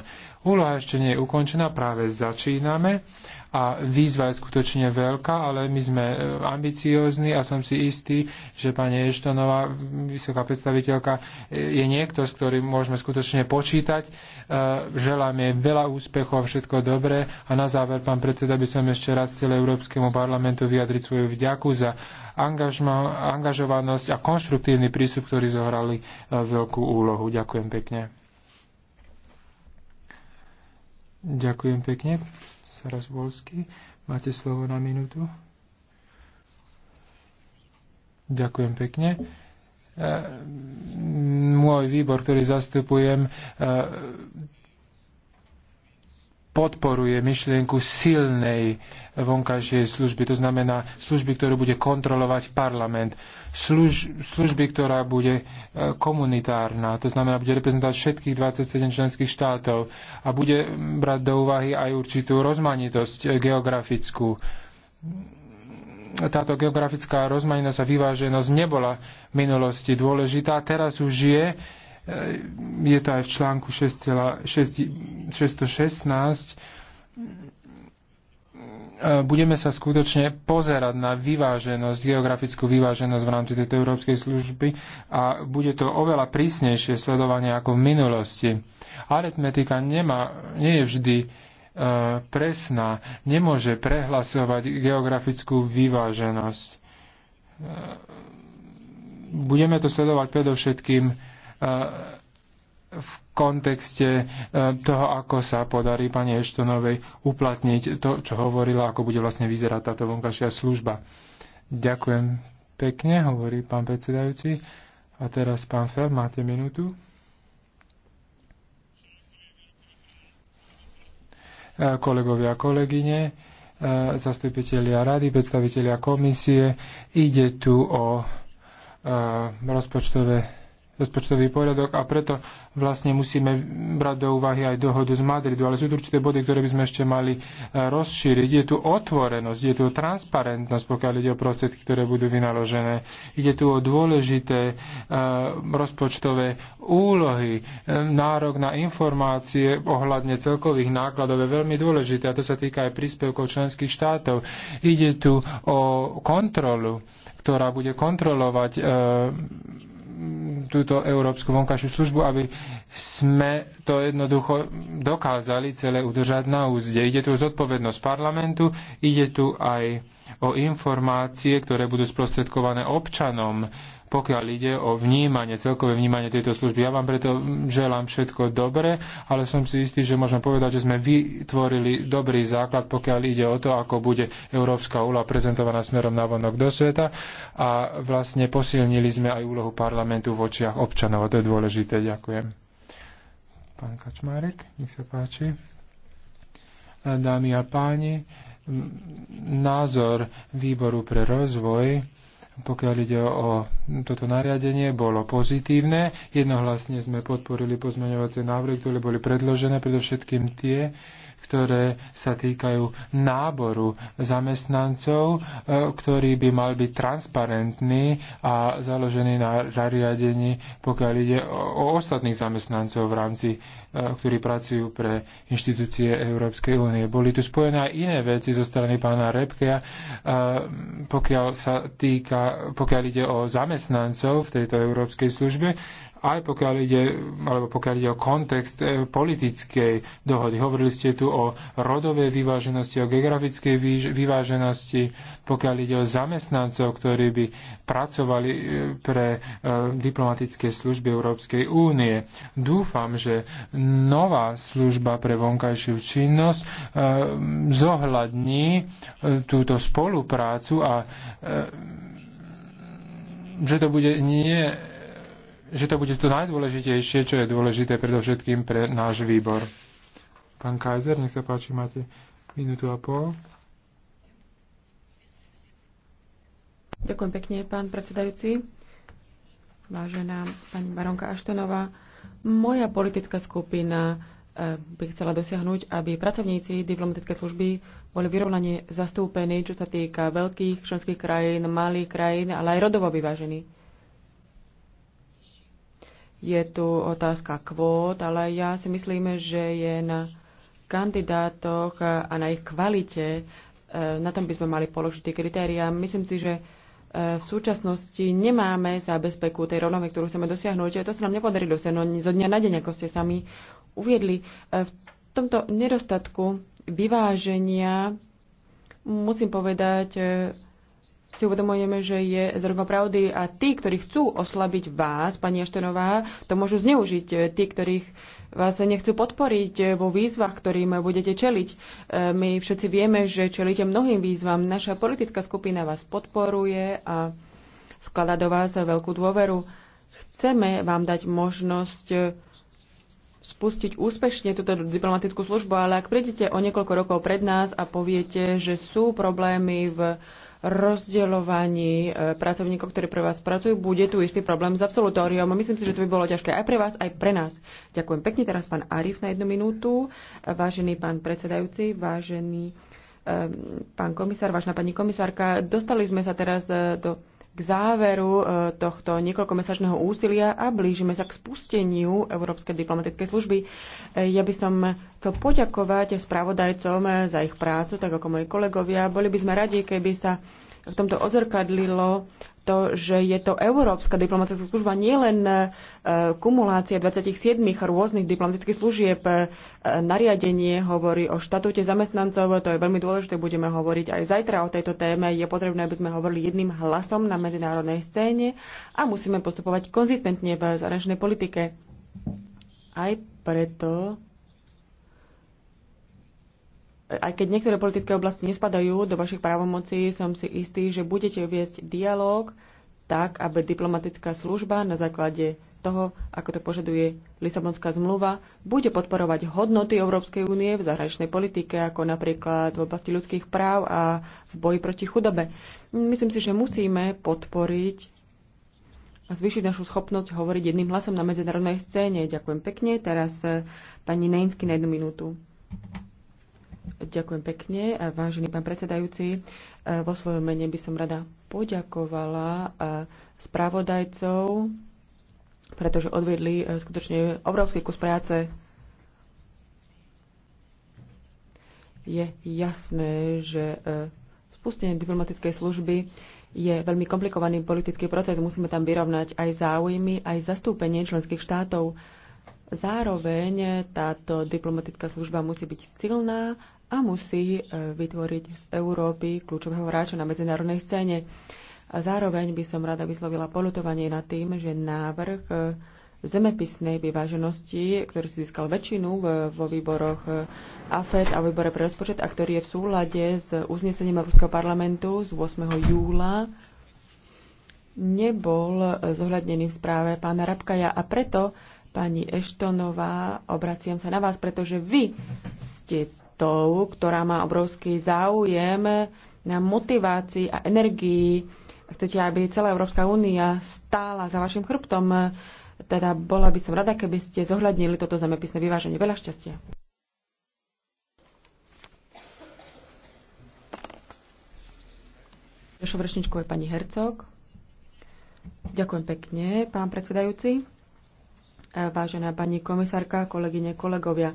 Úloha ešte nie je ukončená, práve začíname a výzva je skutočne veľká, ale my sme e, ambiciózni a som si istý, že pani Eštonová, vysoká predstaviteľka, e, je niekto, s ktorým môžeme skutočne počítať. E, želám jej veľa úspechov, všetko dobré a na záver, pán predseda, by som ešte raz chcel Európskemu parlamentu vyjadriť svoju vďaku za angažovanosť a konštruktívny prístup, ktorý zohrali veľkú úlohu. Ďakujem pekne. Ďakujem pekne. Saros Volsky. Máte slovo na minútu. Ďakujem pekne. E, môj výbor, ktorý zastupujem, e, podporuje myšlienku silnej vonkajšej služby, to znamená služby, ktorú bude kontrolovať parlament, služ, služby, ktorá bude e, komunitárna, to znamená, bude reprezentovať všetkých 27 členských štátov a bude mm, brať do úvahy aj určitú rozmanitosť e, geografickú. Táto geografická rozmanitosť a vyváženosť nebola v minulosti dôležitá, teraz už je Eh, je to aj v článku 616. Eh, budeme sa skutočne pozerať na vyváženosť, geografickú vyváženosť v rámci tejto európskej služby a bude to oveľa prísnejšie sledovanie ako v minulosti. Aritmetika nemá, nie je vždy e, presná, nemôže prehlasovať geografickú vyváženosť. E, budeme to sledovať predovšetkým Eh, v kontexte eh, toho, ako sa podarí pani Eštonovej uplatniť to, čo hovorila, ako bude vlastne vyzerať táto vonkajšia služba. Ďakujem pekne, hovorí pán predsedajúci. A teraz, pán Fel, máte minútu. Eh, kolegovia a kolegyne, zastupitelia rady, predstavitelia komisie, ide tu o rozpočtové rozpočtový poriadok a preto vlastne musíme brať do úvahy aj dohodu z Madridu. Ale sú tu určité body, ktoré by sme ešte mali e, rozšíriť. Je tu otvorenosť, je tu transparentnosť, pokiaľ ide o prostriedky, ktoré budú vynaložené. Ide tu o dôležité e, rozpočtové úlohy. E, nárok na informácie ohľadne celkových nákladov je veľmi dôležité a to sa týka aj príspevkov členských štátov. Ide tu o kontrolu, ktorá bude kontrolovať túto Európsku vonkajšiu službu, aby sme to jednoducho dokázali celé udržať na úzde. Ide tu o zodpovednosť parlamentu, ide tu aj o informácie, ktoré budú sprostredkované občanom pokiaľ ide o vnímanie, celkové vnímanie tejto služby. Ja vám preto želám všetko dobre, ale som si istý, že môžem povedať, že sme vytvorili dobrý základ, pokiaľ ide o to, ako bude Európska úla prezentovaná smerom na vonok do sveta a vlastne posilnili sme aj úlohu parlamentu v očiach občanov. to je dôležité. Ďakujem. Pán Kačmárek, nech sa páči. Dámy a páni, názor výboru pre rozvoj pokiaľ ide o toto nariadenie, bolo pozitívne. Jednohlasne sme podporili pozmeňovacie návrhy, ktoré boli predložené, predovšetkým tie, ktoré sa týkajú náboru zamestnancov, e, ktorý by mal byť transparentný a založený na nariadení, pokiaľ ide o ostatných zamestnancov v rámci ktorí pracujú pre inštitúcie Európskej únie. Boli tu spojené aj iné veci zo strany pána Repkea, pokiaľ sa týka, pokiaľ ide o zamestnancov v tejto Európskej službe, aj pokiaľ ide, alebo pokiaľ ide o kontext eh, politickej dohody. Hovorili ste tu o rodovej vyváženosti, o geografickej vyváženosti, pokiaľ ide o zamestnancov, ktorí by pracovali eh, pre eh, diplomatické služby Európskej únie. Dúfam, že nová služba pre vonkajšiu činnosť zohľadní túto spoluprácu a že to bude nie že to bude to najdôležitejšie, čo je dôležité predovšetkým pre náš výbor. Pán Kaiser, nech sa páči, máte minútu a pol.
Ďakujem pekne, pán predsedajúci. Vážená pani baronka Aštonová. moja politická skupina eh, by chcela dosiahnuť, aby pracovníci diplomatické služby boli vyrovnane zastúpení, čo sa týka veľkých členských krajín, malých krajín, ale aj rodovo vyvážení. Je tu otázka kvót, ale ja si myslím, že je na kandidátoch a na ich kvalite, e, na tom by sme mali položiť tie kritériá. Myslím si, že e, v súčasnosti nemáme zábezpeku tej rovnováhy, ktorú chceme dosiahnuť. A to sa nám nepodarí dosiahnuť zo dňa na deň, ako ste sami uviedli. E, v tomto nedostatku vyváženia musím povedať, si uvedomujeme, že je zrnko pravdy a tí, ktorí chcú oslabiť vás, pani Aštenová, to môžu zneužiť. Tí, ktorých vás nechcú podporiť vo výzvach, ktorým budete čeliť. E, my všetci vieme, že čelíte mnohým výzvam. Naša politická skupina vás podporuje a vklada do vás veľkú dôveru. Chceme vám dať možnosť spustiť úspešne túto diplomatickú službu, ale ak prídete o niekoľko rokov pred nás a poviete, že sú problémy v rozdeľovaní e, pracovníkov, ktorí pre vás pracujú, bude tu istý problém s absolutóriom. Myslím si, že to by bolo ťažké aj pre vás, aj pre nás. Ďakujem pekne. Teraz pán Arif na jednu minútu. E, vážený pán predsedajúci, vážený e, pán komisár, vážna pani komisárka, dostali sme sa teraz do k záveru e, tohto niekoľkomesačného úsilia a blížime sa k spusteniu Európskej diplomatickej služby. E, ja by som chcel poďakovať spravodajcom e, za ich prácu, tak ako moji kolegovia. Boli by sme radi, keby sa v tomto odzrkadlilo to, že je to Európska diplomatická služba, nie len e, kumulácia 27 rôznych diplomatických služieb. E, nariadenie hovorí o štatúte zamestnancov, to je veľmi dôležité, budeme hovoriť aj zajtra o tejto téme. Je potrebné, aby sme hovorili jedným hlasom na medzinárodnej scéne a musíme postupovať konzistentne v zahraničnej politike. Aj preto aj keď niektoré politické oblasti nespadajú do vašich právomocí, som si istý, že budete viesť dialog tak, aby diplomatická služba na základe toho, ako to požaduje Lisabonská zmluva, bude podporovať hodnoty Európskej únie v zahraničnej politike, ako napríklad v oblasti ľudských práv a v boji proti chudobe. Myslím si, že musíme podporiť a zvýšiť našu schopnosť hovoriť jedným hlasom na medzinárodnej scéne. Ďakujem pekne. Teraz eh, pani Nejnsky na jednu minútu. Ďakujem pekne, vážený pán predsedajúci. E, vo svojom mene by som rada poďakovala e, spravodajcov, pretože odvedli e, skutočne obrovský kus práce. Je jasné, že spustenie diplomatickej služby je veľmi komplikovaný politický proces. Musíme tam vyrovnať aj záujmy, aj zastúpenie členských štátov. Zároveň táto diplomatická služba musí byť silná a musí e, vytvoriť z Európy kľúčového hráča na medzinárodnej scéne. A zároveň by som rada vyslovila polutovanie nad tým, že návrh e, zemepisnej vyváženosti, ktorý si získal väčšinu vo výboroch e, AFED a výbore pre rozpočet a ktorý je v súlade s uznesením Európskeho parlamentu z 8. júla, nebol zohľadnený v správe pána Rabkaja a preto pani Eštonová, obraciam sa na vás, pretože vy ste štátov, ktorá má obrovský záujem na motivácii a energii. Chcete, aby celá Európska únia stála za vašim chrbtom? Teda bola by som rada, keby ste zohľadnili toto zemepisné vyváženie. Veľa šťastia. Ďalšou rečničkou je pani Hercog. Ďakujem pekne, pán predsedajúci. Vážená pani komisárka, kolegyne, kolegovia,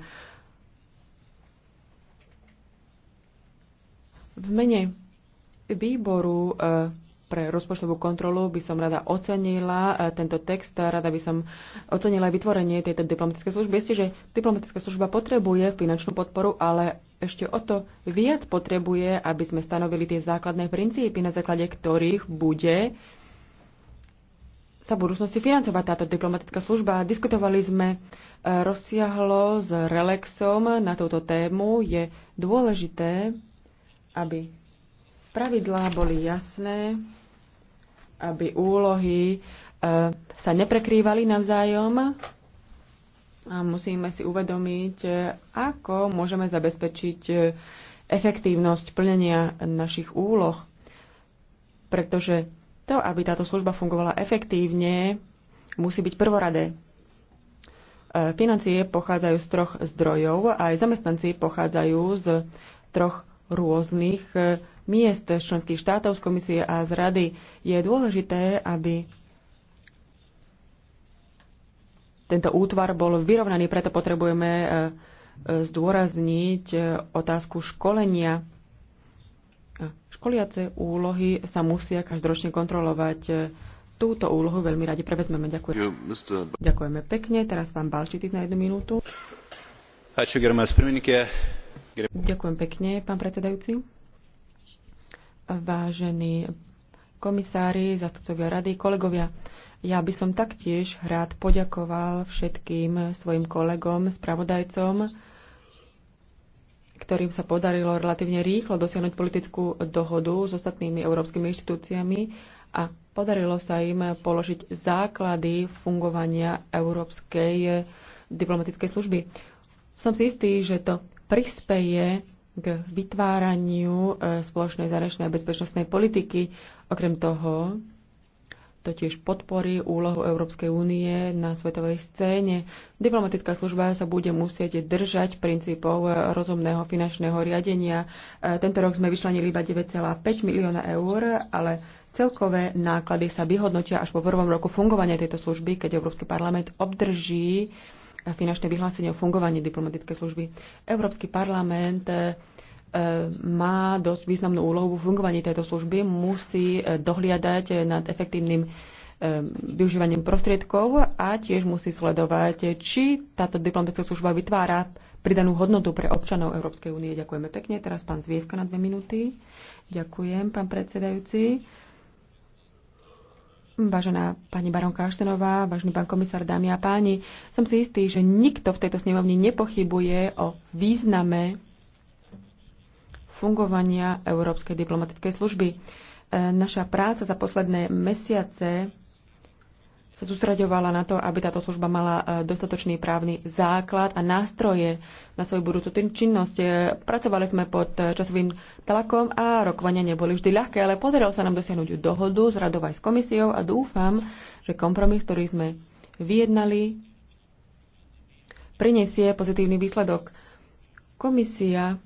V mene výboru e, pre rozpočtovú kontrolu by som rada ocenila e, tento text, rada by som ocenila aj vytvorenie tejto diplomatické služby. Viete, že diplomatická služba potrebuje finančnú podporu, ale ešte o to viac potrebuje, aby sme stanovili tie základné princípy, na základe ktorých bude sa v budúcnosti financovať táto diplomatická služba. Diskutovali sme e, rozsiahlo s Relexom na túto tému. Je dôležité, aby pravidlá boli jasné, aby úlohy e, sa neprekrývali navzájom a musíme si uvedomiť, e, ako môžeme zabezpečiť e, efektívnosť plnenia našich úloh. Pretože to, aby táto služba fungovala efektívne, musí byť prvoradé. Financie pochádzajú z troch zdrojov a aj zamestnanci pochádzajú z troch rôznych e, miest z členských štátov, z komisie a z rady. Je dôležité, aby tento útvar bol vyrovnaný, preto potrebujeme e, e, zdôrazniť otázku školenia. Školiace úlohy sa musia každoročne kontrolovať. Túto úlohu veľmi radi prevezmeme. Ďakujem. Ďakujeme pekne. Teraz vám Balčitis na jednu minútu. Ďakujem pekne, pán predsedajúci. Vážení komisári, zastupcovia rady, kolegovia, ja by som taktiež rád poďakoval všetkým svojim kolegom, spravodajcom, ktorým sa podarilo relatívne rýchlo dosiahnuť politickú dohodu s ostatnými európskymi inštitúciami a podarilo sa im položiť základy fungovania Európskej diplomatickej služby. Som si istý, že to prispeje k vytváraniu e, spoločnej zahraničnej a bezpečnostnej politiky. Okrem toho, totiž podporí úlohu Európskej únie na svetovej scéne. Diplomatická služba sa bude musieť držať princípov e, rozumného finančného riadenia. E, tento rok sme vyšlenili iba 9,5 milióna eur, ale celkové náklady sa vyhodnotia až po prvom roku fungovania tejto služby, keď Európsky parlament obdrží finančné vyhlásenie o fungovaní diplomatickej služby. Európsky parlament e, má dosť významnú úlohu v fungovaní tejto služby, musí e, dohliadať nad efektívnym e, využívaním prostriedkov a tiež musí sledovať, či táto diplomatická služba vytvára pridanú hodnotu pre občanov Európskej únie. Ďakujeme pekne. Teraz pán Zvievka na dve minúty. Ďakujem, pán predsedajúci. Vážená pani baronka Aštenová, vážený pán komisár, dámy a páni, som si istý, že nikto v tejto snemovni nepochybuje o význame fungovania Európskej diplomatickej služby. E, naša práca za posledné mesiace sa sústraďovala na to, aby táto služba mala e, dostatočný právny základ a nástroje na svoju budúcu činnosť. E, pracovali sme pod e, časovým tlakom a rokovania neboli vždy ľahké, ale podarilo sa nám dosiahnuť dohodu s radou aj s komisiou a dúfam, že kompromis, ktorý sme vyjednali, prinesie pozitívny výsledok. Komisia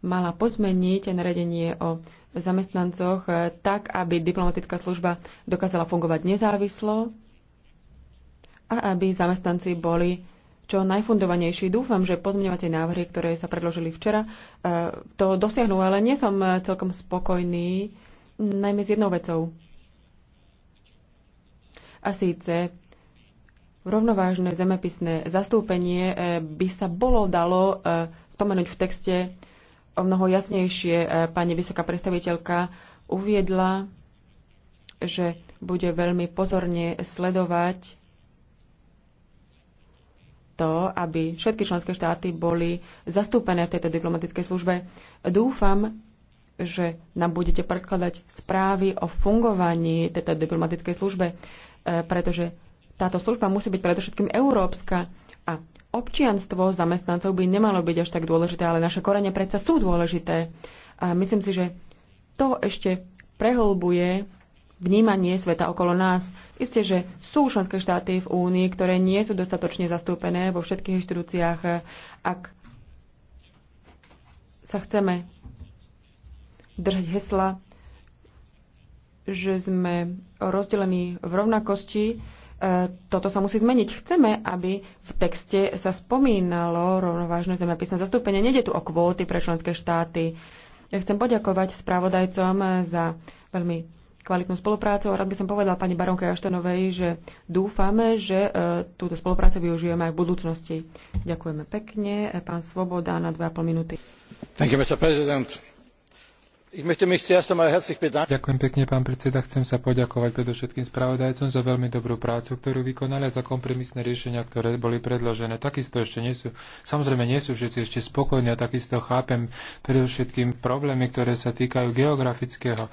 mala pozmeniť nariadenie o zamestnancoch e, tak, aby diplomatická služba dokázala fungovať nezávislo a aby zamestnanci boli čo najfundovanejší. Dúfam, že pozmeňovacie návrhy, ktoré sa predložili včera, e, to dosiahnu, ale nie som e, celkom spokojný, najmä s jednou vecou. A síce rovnovážne zemepisné zastúpenie by sa bolo dalo spomenúť v texte o mnoho jasnejšie e, pani vysoká predstaviteľka uviedla, že bude veľmi pozorne sledovať to, aby všetky členské štáty boli zastúpené v tejto diplomatickej službe. Dúfam, že nám budete predkladať správy o fungovaní tejto diplomatickej službe, e, pretože táto služba musí byť predovšetkým európska občianstvo zamestnancov by nemalo byť až tak dôležité, ale naše korene predsa sú dôležité. A myslím si, že to ešte prehlbuje vnímanie sveta okolo nás. Isté, že sú členské štáty v Únii, ktoré nie sú dostatočne zastúpené vo všetkých inštitúciách. Ak sa chceme držať hesla, že sme rozdelení v rovnakosti, toto sa musí zmeniť. Chceme, aby v texte sa spomínalo rovnovážne zemepisné zastúpenie. Nede tu o kvóty pre členské štáty. Ja chcem poďakovať spravodajcom za veľmi kvalitnú spoluprácu. Rád by som povedal pani Baronke Aštenovej, že dúfame, že e, túto spoluprácu využijeme aj v budúcnosti. Ďakujeme pekne. E, pán Svoboda na 2,5 minúty.
Thank you, Mr. President. Ďakujem
pekne, pán predseda. Chcem sa poďakovať predovšetkým spravodajcom za veľmi dobrú prácu, ktorú vykonali a za kompromisné riešenia, ktoré boli predložené. Takisto ešte nie sú, samozrejme nie sú všetci ešte spokojní a takisto chápem predovšetkým problémy, ktoré sa týkajú geografického e,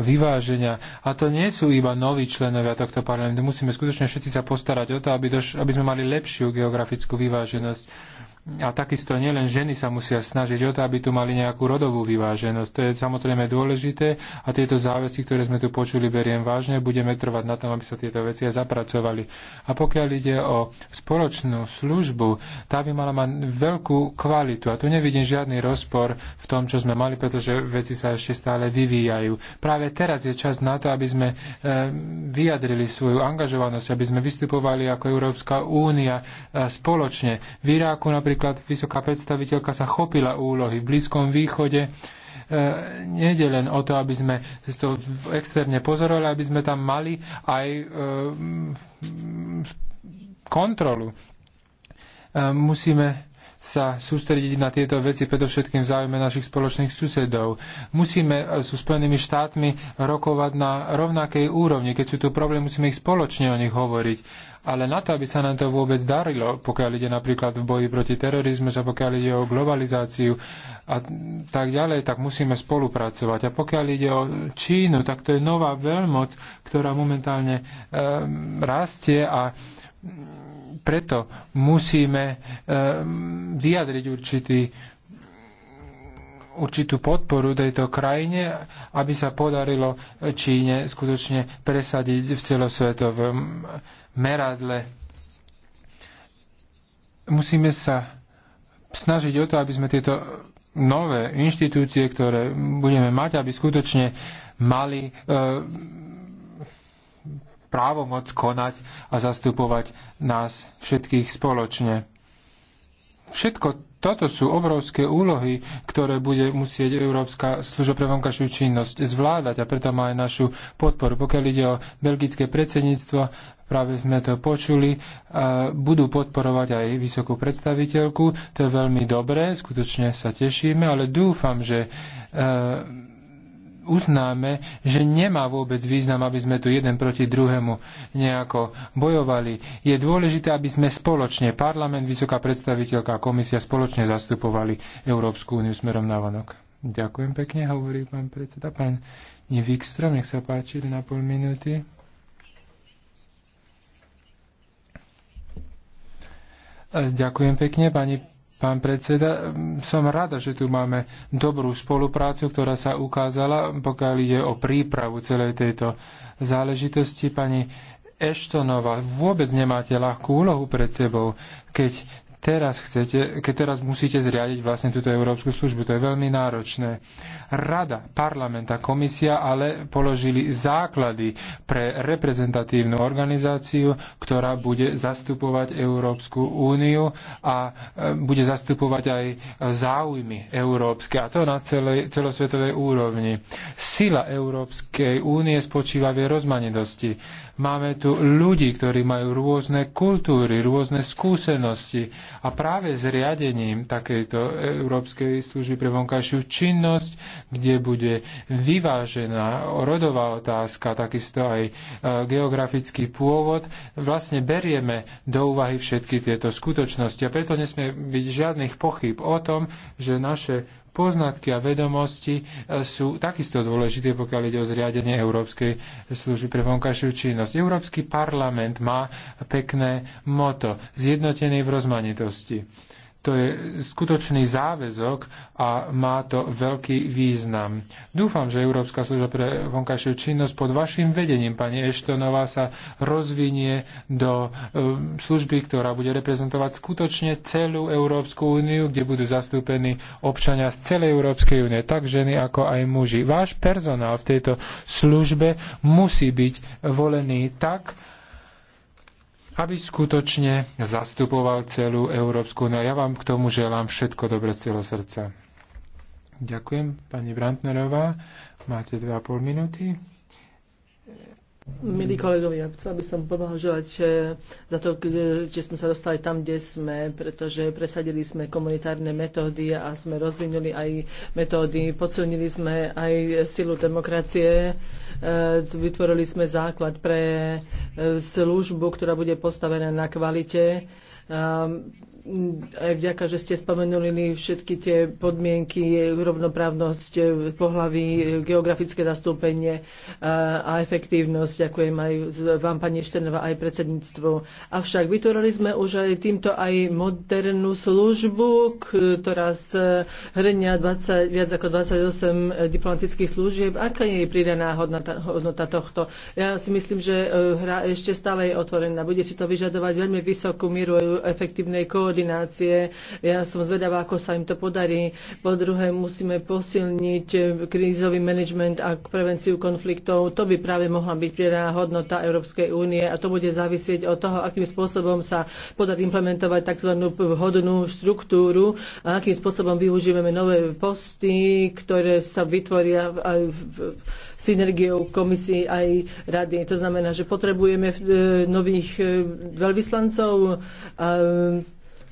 vyváženia. A to nie sú iba noví členovia tohto parlamentu. Musíme skutočne všetci sa postarať o to, aby, doš- aby sme mali lepšiu geografickú vyváženosť a takisto nielen ženy sa musia snažiť o to, aby tu mali nejakú rodovú vyváženosť. To je samozrejme dôležité a tieto záväzky, ktoré sme tu počuli, beriem vážne. Budeme trvať na tom, aby sa tieto veci aj zapracovali. A pokiaľ ide o spoločnú službu, tá by mala mať veľkú kvalitu. A tu nevidím žiadny rozpor v tom, čo sme mali, pretože veci sa ešte stále vyvíjajú. Práve teraz je čas na to, aby sme e, vyjadrili svoju angažovanosť, aby sme vystupovali ako Európska únia e, spoločne. V Iráku napríklad Napríklad vysoká predstaviteľka sa chopila úlohy v Blízkom východe. E, je len o to, aby sme to externe pozorovali, aby sme tam mali aj e, kontrolu. E, musíme sa sústrediť na tieto veci, predovšetkým v záujme našich spoločných susedov. Musíme e, s Spojenými štátmi rokovať na rovnakej úrovni. Keď sú tu problémy, musíme ich spoločne o nich hovoriť. Ale na to, aby sa nám to vôbec darilo, pokiaľ ide napríklad v boji proti terorizmu a pokiaľ ide o globalizáciu a tak ďalej, tak musíme spolupracovať. A pokiaľ ide o Čínu, tak to je nová veľmoc, ktorá momentálne e, rastie a preto musíme e, vyjadriť určitý určitú podporu tejto krajine, aby sa podarilo Číne skutočne presadiť v celosvetovom meradle. Musíme sa snažiť o to, aby sme tieto nové inštitúcie, ktoré budeme mať, aby skutočne mali e, právomoc konať a zastupovať nás všetkých spoločne. Všetko toto sú obrovské úlohy, ktoré bude musieť Európska služba pre vonkajšiu činnosť zvládať a preto má aj našu podporu. Pokiaľ ide o belgické predsedníctvo, práve sme to počuli, budú podporovať aj vysokú predstaviteľku. To je veľmi dobré, skutočne sa tešíme, ale dúfam, že e, uznáme, že nemá vôbec význam, aby sme tu jeden proti druhému nejako bojovali. Je dôležité, aby sme spoločne, parlament, vysoká predstaviteľka a komisia spoločne zastupovali Európsku úniu smerom na vonok. Ďakujem pekne, hovorí pán predseda. Pán Vikstrom, nech sa páči, na pol minúty. Ďakujem pekne, pani Pán predseda, som rada, že tu máme dobrú spoluprácu, ktorá sa ukázala, pokiaľ ide o prípravu celej tejto záležitosti. Pani Eštonová, vôbec nemáte ľahkú úlohu pred sebou, keď teraz chcete, keď teraz musíte zriadiť vlastne túto európsku službu. To je veľmi náročné. Rada, parlament a komisia ale položili základy pre reprezentatívnu organizáciu, ktorá bude zastupovať Európsku úniu a e, bude zastupovať aj záujmy európske. A to na celej, celosvetovej úrovni. Sila Európskej únie spočíva v jej rozmanitosti Máme tu ľudí, ktorí majú rôzne kultúry, rôzne skúsenosti a práve zriadením takejto Európskej služby pre vonkajšiu činnosť, kde bude vyvážená rodová otázka, takisto aj e, geografický pôvod, vlastne berieme do úvahy všetky tieto skutočnosti. A preto nesmie byť žiadnych pochyb o tom, že naše poznatky a vedomosti e, sú takisto dôležité, pokiaľ ide o zriadenie Európskej služby pre vonkajšiu činnosť. Európsky parlament má pekné moto, zjednotený v rozmanitosti. To je skutočný záväzok a má to veľký význam. Dúfam, že Európska služba pre vonkajšiu činnosť pod vašim vedením, pani Eštonová, sa rozvinie do e, služby, ktorá bude reprezentovať skutočne celú Európsku úniu, kde budú zastúpení občania z celej Európskej únie, tak ženy ako aj muži. Váš personál v tejto službe musí byť volený tak, aby skutočne zastupoval celú Európsku. No ja vám k tomu želám všetko dobre z celého srdca. Ďakujem, pani Brantnerová. Máte 2,5 minúty.
Milí kolegovia, chcela by som poblahoželať eh, za to, že sme sa dostali tam, kde sme, pretože presadili sme komunitárne metódy a sme rozvinuli aj metódy, posilnili sme aj silu demokracie, eh, vytvorili sme základ pre eh, službu, ktorá bude postavená na kvalite ehm, aj vďaka, že ste spomenuli všetky tie podmienky, rovnoprávnosť pohlaví, geografické zastúpenie a efektívnosť. Ďakujem aj vám, pani Šternova, aj predsedníctvu. Avšak vytvorili sme už aj týmto aj modernú službu, ktorá hrňa 20, viac ako 28 diplomatických služieb. Aká je pridaná hodnota, hodnota tohto? Ja si myslím, že e, hra ešte stále je otvorená. Bude si to vyžadovať veľmi vysokú mieru efektívnej koordinácie koordinácie. Ja som zvedavá, ako sa im to podarí. Po druhé, musíme posilniť krízový manažment a prevenciu konfliktov. To by práve mohla byť pridaná hodnota Európskej únie a to bude závisieť od toho, akým spôsobom sa podarí implementovať tzv. vhodnú štruktúru a akým spôsobom využívame nové posty, ktoré sa vytvoria aj v synergiou komisii aj rady. To znamená, že potrebujeme e, nových e, veľvyslancov,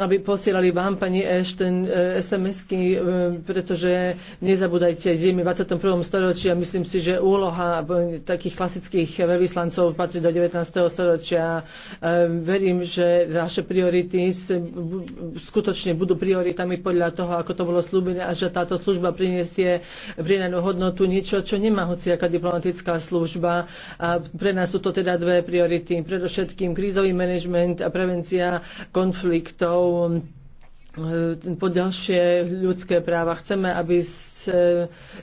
aby posielali vám, pani Ešten, e, SMS-ky, e, pretože nezabúdajte, žijeme v 21. storočí a myslím si, že úloha e, takých klasických veľvyslancov patrí do 19. storočia. Verím, že naše priority skutočne budú prioritami podľa toho, ako to bolo slúbené a že táto služba prinesie pridanú hodnotu niečo, čo nemá hociaká diplomatická služba. A pre nás sú to teda dve priority. Predovšetkým krízový manažment a prevencia konfliktov E, po ďalšie ľudské práva. Chceme, aby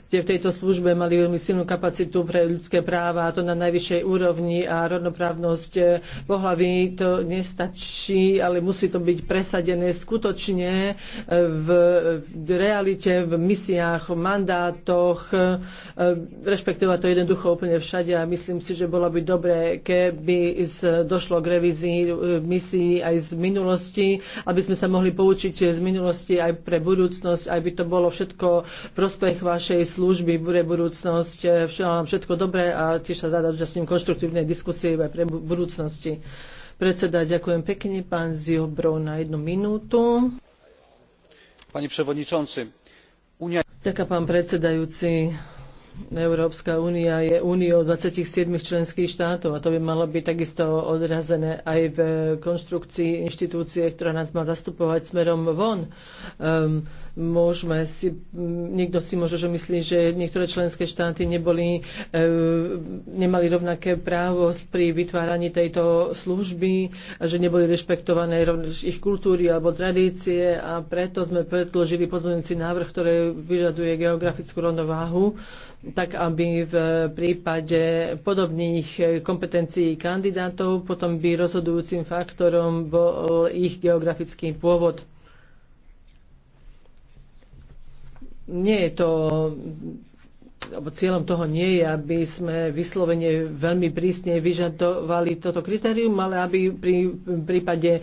tie v tejto službe mali veľmi silnú kapacitu pre ľudské práva a to na najvyššej úrovni a rovnoprávnosť e, pohlaví to nestačí, ale musí to byť presadené skutočne e, v realite, v misiách, v mandátoch, e, rešpektovať to jednoducho úplne všade a myslím si, že bolo by dobré, keby došlo k revízii misií aj z minulosti, aby sme sa mohli poučiť z minulosti aj pre budúcnosť, aby to bolo všetko prostredné prospech vašej služby bude budúcnosť. Eh, všetko vám všetko dobré a tiež sa rada účastním konštruktívnej diskusie aj pre budúcnosti. Predseda, ďakujem pekne. Pán Ziobro na jednu minútu.
Pani prevodničonci.
Unia... Ďakujem, pán predsedajúci. Európska únia je úniou 27 členských štátov a to by malo byť takisto odrazené aj v konštrukcii inštitúcie, ktorá nás má zastupovať smerom von. Um, môžeme si, niekto si môže, že myslí, že niektoré členské štáty neboli, e, nemali rovnaké právo pri vytváraní tejto služby, že neboli rešpektované ich kultúry alebo tradície a preto sme predložili pozmeňujúci návrh, ktorý vyžaduje geografickú rovnováhu, tak aby v prípade podobných e, kompetencií kandidátov potom by rozhodujúcim faktorom bol ich geografický pôvod. nie je to alebo cieľom toho nie je, aby sme vyslovene veľmi prísne vyžadovali toto kritérium, ale aby pri prípade e,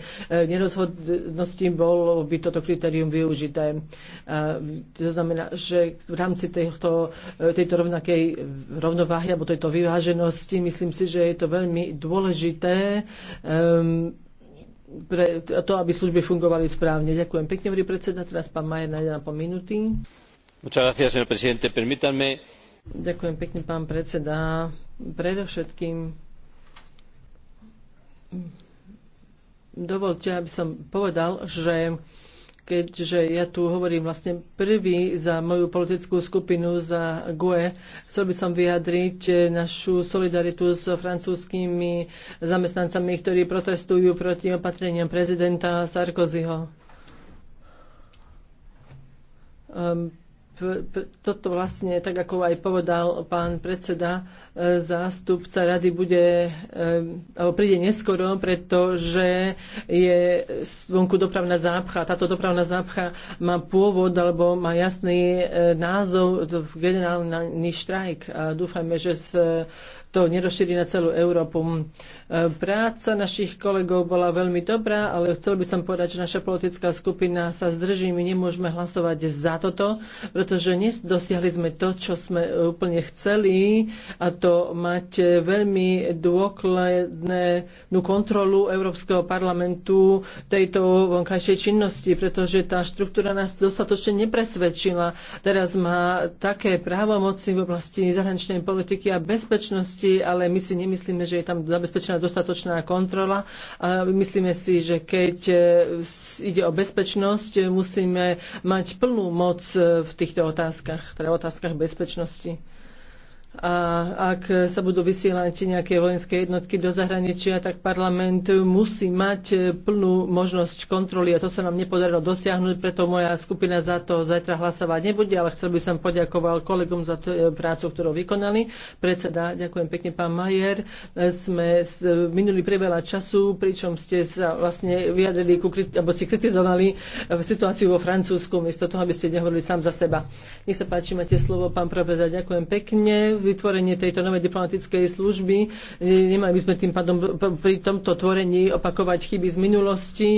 nerozhodnosti bolo by toto kritérium využité. A e, to znamená, že v rámci tejto, e, tejto rovnakej rovnováhy alebo tejto vyváženosti myslím si, že je to veľmi dôležité um, pre to, aby služby fungovali správne. Ďakujem pekne, predseda. Teraz pán Majer na po minúty
señor presidente permítanme
Ďakujem pekne, pán predseda. Predovšetkým dovolte, aby som povedal, že keďže ja tu hovorím vlastne prvý za moju politickú skupinu, za GUE, chcel by som vyjadriť našu solidaritu s francúzskými zamestnancami, ktorí protestujú proti opatreniam prezidenta Sarkozyho. Ehm, toto vlastne, tak ako aj povedal pán predseda, e, zástupca rady bude, e, alebo príde neskoro, pretože je vonku dopravná zápcha. Táto dopravná zápcha má pôvod, alebo má jasný e, názov generálny štrajk. A dúfajme, že s to nerozšíri na celú Európu. E, práca našich kolegov bola veľmi dobrá, ale chcel by som povedať, že naša politická skupina sa zdrží, my nemôžeme hlasovať za toto, pretože nedosiahli sme to, čo sme úplne chceli a to mať veľmi dôkladnú kontrolu Európskeho parlamentu tejto vonkajšej činnosti, pretože tá štruktúra nás dostatočne nepresvedčila. Teraz má také právomoci v oblasti zahraničnej politiky a bezpečnosti, možnosti, ale my si nemyslíme, že je tam zabezpečená dostatočná kontrola. A myslíme si, že keď e, ide o bezpečnosť, musíme mať plnú moc e, v týchto otázkach, teda v otázkach bezpečnosti a ak sa budú vysielať nejaké vojenské jednotky do zahraničia, tak parlament musí mať e, plnú možnosť kontroly a to sa nám nepodarilo dosiahnuť, preto moja skupina za to zajtra hlasovať nebude, ale chcel by som poďakoval kolegom za e, prácu, ktorú vykonali. Predseda, ďakujem pekne, pán Majer. Sme e, minuli priveľa času, pričom ste sa vlastne vyjadrili, alebo ste kritizovali situáciu vo Francúzsku, miesto toho, aby ste nehovorili sám za seba. Nech sa páči, máte slovo, pán profesor, ďakujem pekne vytvorenie tejto novej diplomatickej služby. E, nemali by sme tým pádom pri tomto tvorení opakovať chyby z minulosti.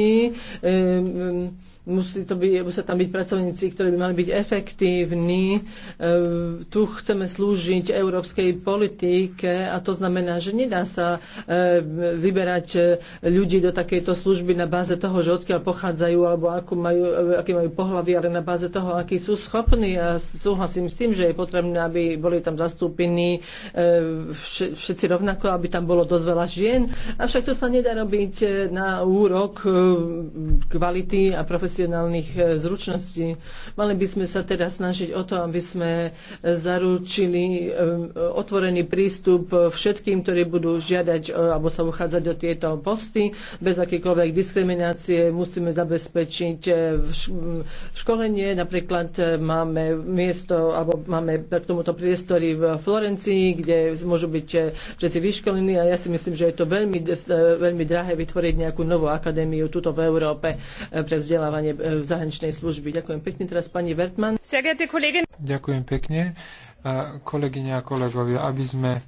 E, musí, to byť, musia tam byť pracovníci, ktorí by mali byť efektívni. Ehm, tu chceme slúžiť európskej politike a to znamená, že nedá sa ehm, vyberať eh, ľudí do takejto služby na báze toho, že odkiaľ pochádzajú alebo akú majú, eh, aké majú pohlavy, ale na báze toho, akí sú schopní. A súhlasím s tým, že je potrebné, aby boli tam zastúpení ehm, všetci rovnako, aby tam bolo dosť veľa žien. Avšak to sa nedá robiť eh, na úrok kvality a profesionálnosti profesionálnych eh, zručností. Mali by sme sa teda snažiť o to, aby sme eh, zaručili eh, otvorený prístup všetkým, ktorí budú žiadať alebo sa uchádzať do tieto posty. Bez akýkoľvek diskriminácie musíme zabezpečiť školenie. Napríklad máme miesto alebo máme k tomuto priestory v Florencii, kde môžu byť všetci vyškolení a ja si myslím, že je to veľmi, veľmi drahé vytvoriť nejakú novú akadémiu tuto v Európe
pre vzdelávanie fungovanie e, zahraničnej služby. Ďakujem pekne teraz pani Vertman. Ďakujem pekne. Kolegyne a kolegovia, aby sme e,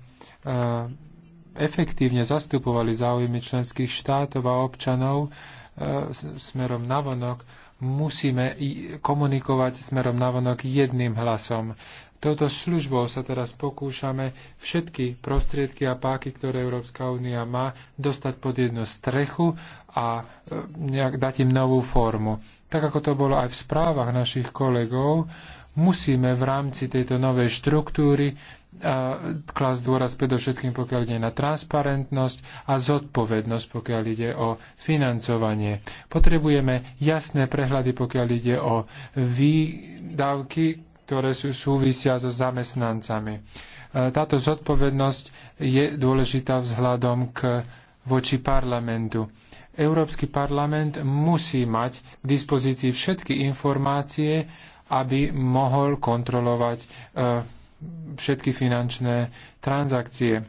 efektívne zastupovali záujmy členských štátov a občanov e, smerom na vonok, musíme komunikovať smerom vonok jedným hlasom. Touto službou sa teraz pokúšame všetky prostriedky a páky, ktoré Európska únia má, dostať pod jednu strechu a e, nejak dať im novú formu. Tak ako to bolo aj v správach našich kolegov, musíme v rámci tejto novej štruktúry klas dôraz predovšetkým, pokiaľ ide na transparentnosť a zodpovednosť, pokiaľ ide o financovanie. Potrebujeme jasné prehľady, pokiaľ ide o výdavky, ktoré sú súvisia so zamestnancami. E, táto zodpovednosť je dôležitá vzhľadom k voči parlamentu. Európsky parlament musí mať k dispozícii všetky informácie, aby mohol kontrolovať e, všetky finančné transakcie.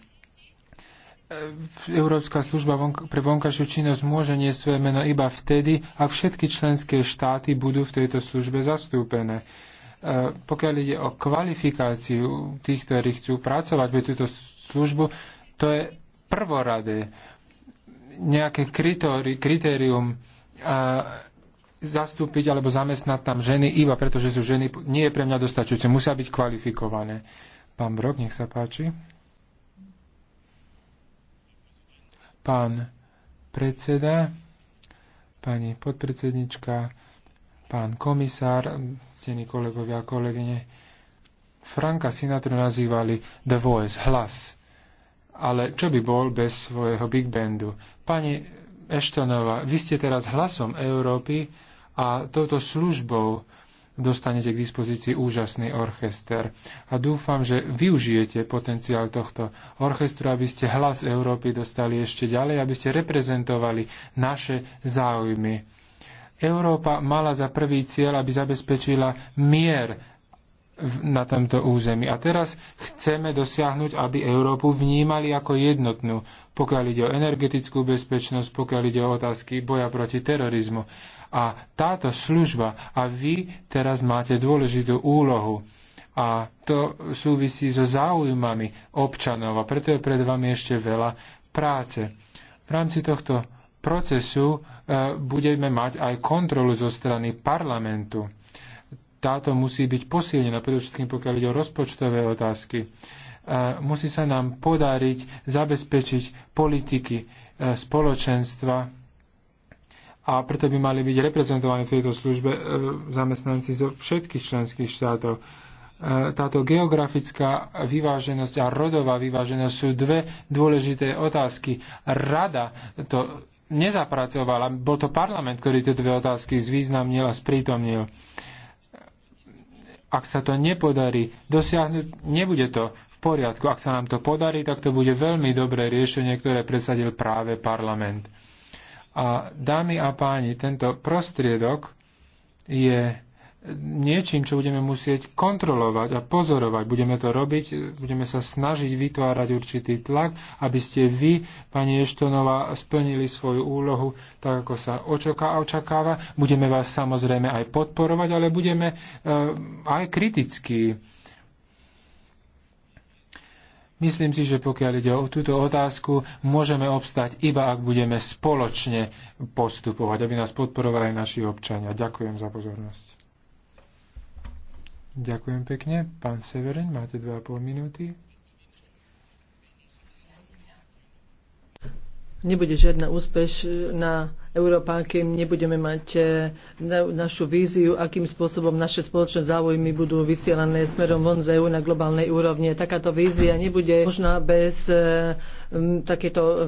Európska služba pre vonkajšiu činnosť môže nie svoje meno iba vtedy, ak všetky členské štáty budú v tejto službe zastúpené. E, pokiaľ ide o kvalifikáciu tých, ktorí chcú pracovať pre túto službu, to je prvoradé. Nejaké kritérium zastúpiť alebo zamestnať tam ženy iba preto, že sú ženy, nie je pre mňa dostačujúce. Musia byť kvalifikované. Pán Brok, nech sa páči. Pán predseda, pani podpredsednička, pán komisár, cení kolegovia a kolegyne, Franka Sinatra nazývali The Voice, hlas. Ale čo by bol bez svojho Big Bandu? Pani Eštonová, vy ste teraz hlasom Európy, a touto službou dostanete k dispozícii úžasný orchester. A dúfam, že využijete potenciál tohto orchestru, aby ste hlas Európy dostali ešte ďalej, aby ste reprezentovali naše záujmy. Európa mala za prvý cieľ, aby zabezpečila mier na tomto území. A teraz chceme dosiahnuť, aby Európu vnímali ako jednotnú, pokiaľ ide o energetickú bezpečnosť, pokiaľ ide o otázky boja proti terorizmu. A táto služba a vy teraz máte dôležitú úlohu. A to súvisí so záujmami občanov a preto je pred vami ešte veľa práce. V rámci tohto procesu e, budeme mať aj kontrolu zo strany parlamentu. Táto musí byť posilnená, predovšetkým pokiaľ ide o rozpočtové otázky. E, musí sa nám podariť zabezpečiť politiky e, spoločenstva a preto by mali byť reprezentovaní v tejto službe e, zamestnanci zo všetkých členských štátov. E, táto geografická vyváženosť a rodová vyváženosť sú dve dôležité otázky. Rada to nezapracovala, bol to parlament, ktorý tieto dve otázky zvýznamnil a sprítomnil. Ak sa to nepodarí dosiahnuť, nebude to v poriadku. Ak sa nám to podarí, tak to bude veľmi dobré riešenie, ktoré presadil práve parlament. A dámy a páni, tento prostriedok je niečím, čo budeme musieť kontrolovať a pozorovať. Budeme to robiť, budeme sa snažiť vytvárať určitý tlak, aby ste vy, pani Eštonová, splnili svoju úlohu tak, ako sa očaká a očakáva. Budeme vás samozrejme aj podporovať, ale budeme e, aj kritickí Myslím si, že pokiaľ ide o túto otázku, môžeme obstať iba ak budeme spoločne postupovať, aby nás podporovali naši občania. Ďakujem za pozornosť. Ďakujem pekne. Pán Severin, máte 2,5 minúty.
Nebude žiadna úspešná Európa, kým nebudeme mať e, našu víziu, akým spôsobom naše spoločné záujmy budú vysielané smerom von z EU na globálnej úrovni. Takáto vízia nebude možná bez e, Hm, takéto hm,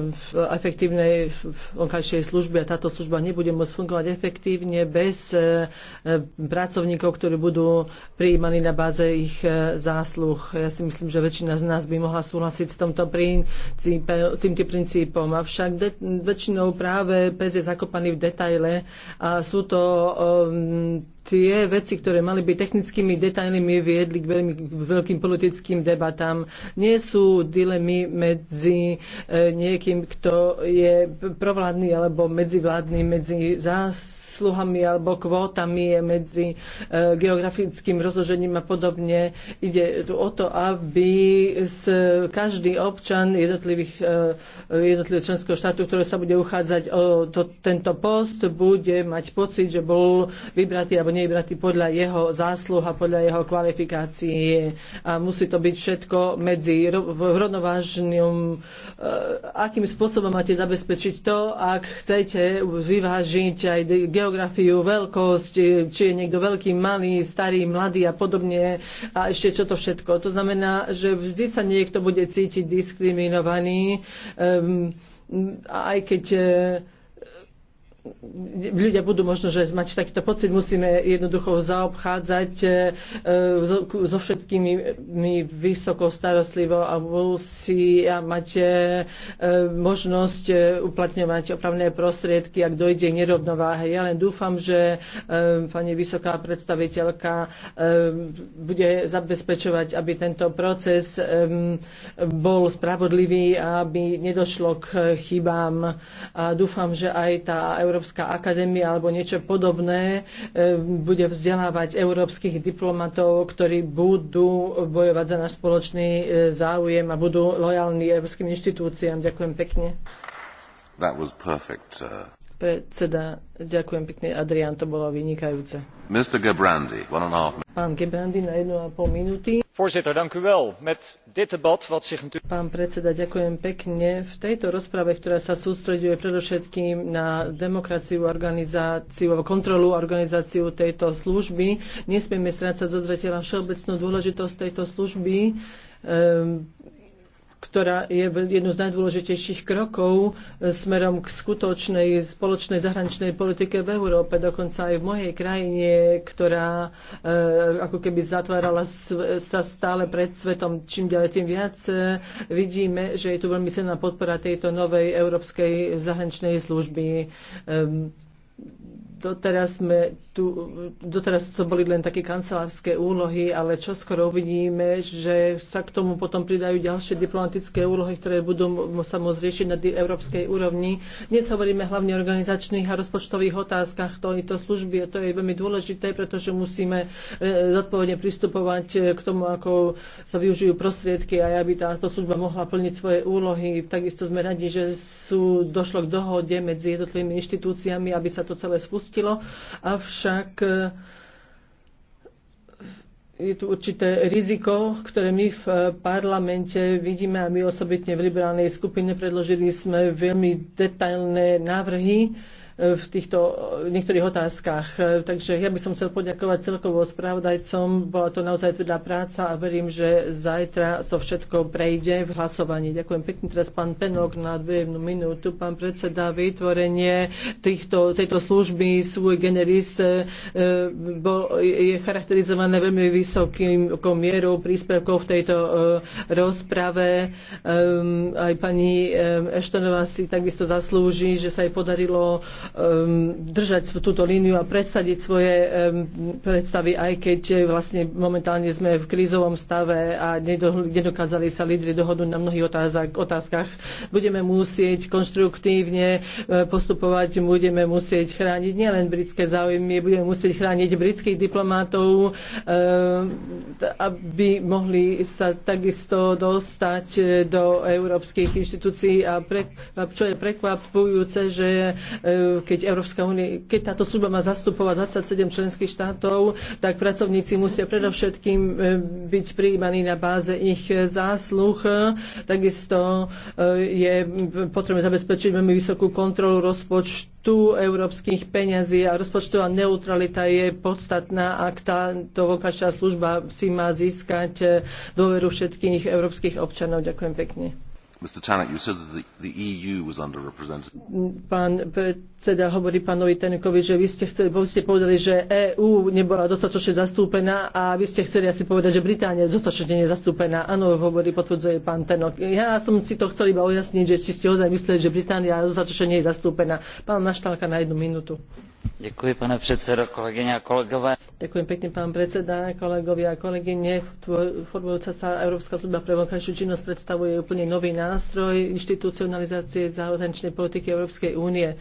efektívnej vonkajšej služby a táto služba nebude môcť fungovať efektívne bez e, e, pracovníkov, ktorí budú prijímaní na báze ich e, zásluh. Ja si myslím, že väčšina z nás by mohla súhlasiť s tomto princípe, týmto princípom. Avšak de, väčšinou práve pes je zakopaný v detaile a sú to um, tie veci, ktoré mali byť technickými detailmi, viedli k veľmi veľkým politickým debatám. Nie sú dilemy medzi eh, niekým, kto je provládny alebo medzivládny, medzi zás sluhami alebo kvótami medzi e, geografickým rozložením a podobne. Ide tu o to, aby každý občan jednotlivých, e, jednotlivých členského štátu, ktorý sa bude uchádzať o to, tento post, bude mať pocit, že bol vybratý alebo nevybratý podľa jeho zásluh a podľa jeho kvalifikácie. A musí to byť všetko medzi rovnovážnym, e, akým spôsobom máte zabezpečiť to, ak chcete vyvážiť aj geografiu, veľkosť, e, či je niekto veľký, malý, starý, mladý a podobne a ešte čo to všetko. To znamená, že vždy sa niekto bude cítiť diskriminovaný, um, aj keď uh, ľudia budú možno, že mať takýto pocit, musíme jednoducho zaobchádzať e, so všetkými vysoko starostlivo a musí mať e, e, možnosť uplatňovať opravné prostriedky, ak dojde k nerovnováhe. Ja len dúfam, že pani vysoká predstaviteľka bude zabezpečovať, aby tento proces bol spravodlivý a aby nedošlo k chybám. A dúfam, že aj tá Euró Európska akadémia alebo niečo podobné e, bude vzdelávať európskych diplomatov, ktorí budú bojovať za náš spoločný e, záujem a budú lojálni európskym inštitúciám. Ďakujem pekne.
That was perfect, uh...
Predseda, ďakujem pekne, Adrian, to bolo vynikajúce.
Mr. Gebrandi, one and a half.
Pán Gebrandi na jednu a pol minúty. Voorzitter, dank u wel. Met dit debat, wat zich natuurlijk... Pán predseda, ďakujem pekne. V tejto rozprave, ktorá sa sústreduje predovšetkým na demokraciu, organizáciu, kontrolu organizáciu tejto služby, nesmieme strácať zo zretela všeobecnú dôležitosť tejto služby. Ehm, ktorá je jednou z najdôležitejších krokov e, smerom k skutočnej spoločnej zahraničnej politike v Európe, dokonca aj v mojej krajine, ktorá e, ako keby zatvárala sa stále pred svetom čím ďalej tým viac. E, vidíme, že je tu veľmi silná podpora tejto novej európskej zahraničnej služby Doteraz, sme tu, doteraz to boli len také kancelárske úlohy, ale čo skoro uvidíme, že sa k tomu potom pridajú ďalšie diplomatické úlohy, ktoré budú sa môcť riešiť na európskej úrovni. Dnes hovoríme hlavne o organizačných a rozpočtových otázkach tejto služby a to je veľmi dôležité, pretože musíme e, zodpovedne pristupovať e, k tomu, ako sa využijú prostriedky a aby táto služba mohla plniť svoje úlohy. Takisto sme radi, že sú, došlo k dohode medzi jednotlivými inštitúciami, aby sa to celé spustilo zistilo, avšak e, je tu určité riziko, ktoré my v parlamente vidíme a my osobitne v liberálnej skupine predložili sme veľmi detailné návrhy, v týchto niektorých otázkach. Takže ja by som chcel poďakovať celkovo spravodajcom. Bola to naozaj tvrdá práca a verím, že zajtra to všetko prejde v hlasovaní. Ďakujem pekne. Teraz pán Penok na dve minútu. Pán predseda, vytvorenie týchto, tejto služby svoj generis e, bol, je charakterizované veľmi vysokým mierou príspevkov v tejto e, rozprave. Aj pani e, Eštonová si takisto zaslúži, že sa jej podarilo Um, držať túto líniu a predsadiť svoje um, predstavy, aj keď eh, vlastne momentálne sme v krízovom stave a nedokázali sa lídry dohodnúť na mnohých otázkach. Budeme musieť konštruktívne eh, postupovať, budeme musieť chrániť nielen britské záujmy, budeme musieť chrániť britských diplomátov, eh, aby mohli sa takisto dostať do európskych inštitúcií a pre, čo je prekvapujúce, že keď Európska únia, keď táto služba má zastupovať 27 členských štátov, tak pracovníci musia predovšetkým e, byť prijímaní na báze ich e, zásluh. Takisto e, je potrebné zabezpečiť veľmi vysokú kontrolu rozpočtu európskych peňazí a rozpočtová neutralita je podstatná, ak táto vokačná služba si má získať dôveru všetkých európskych občanov. Ďakujem pekne.
Mr. Tannock, you said that the, the EU was underrepresented.
Pán predseda hovorí pánovi Tenekovi, že vy ste, chceli, vy ste povedali, že EU nebola dostatočne zastúpená a vy ste chceli asi povedať, že Británia je dostatočne nezastúpená. Áno, hovorí, potvrdzuje pán Tenok. Ja som si to chcel iba ujasniť, že či ste ozaj mysleli, že Británia dostatočne nie je zastúpená. Pán Maštálka na jednu minútu. Ďakujem, pane predsedo, kolegyne a kolegové. Ďakujem pekne, pán predseda, kolegovia a kolegyne. Formujúca sa Európska služba pre vonkajšiu činnosť predstavuje úplne nový nástroj inštitucionalizácie zahraničnej politiky Európskej únie.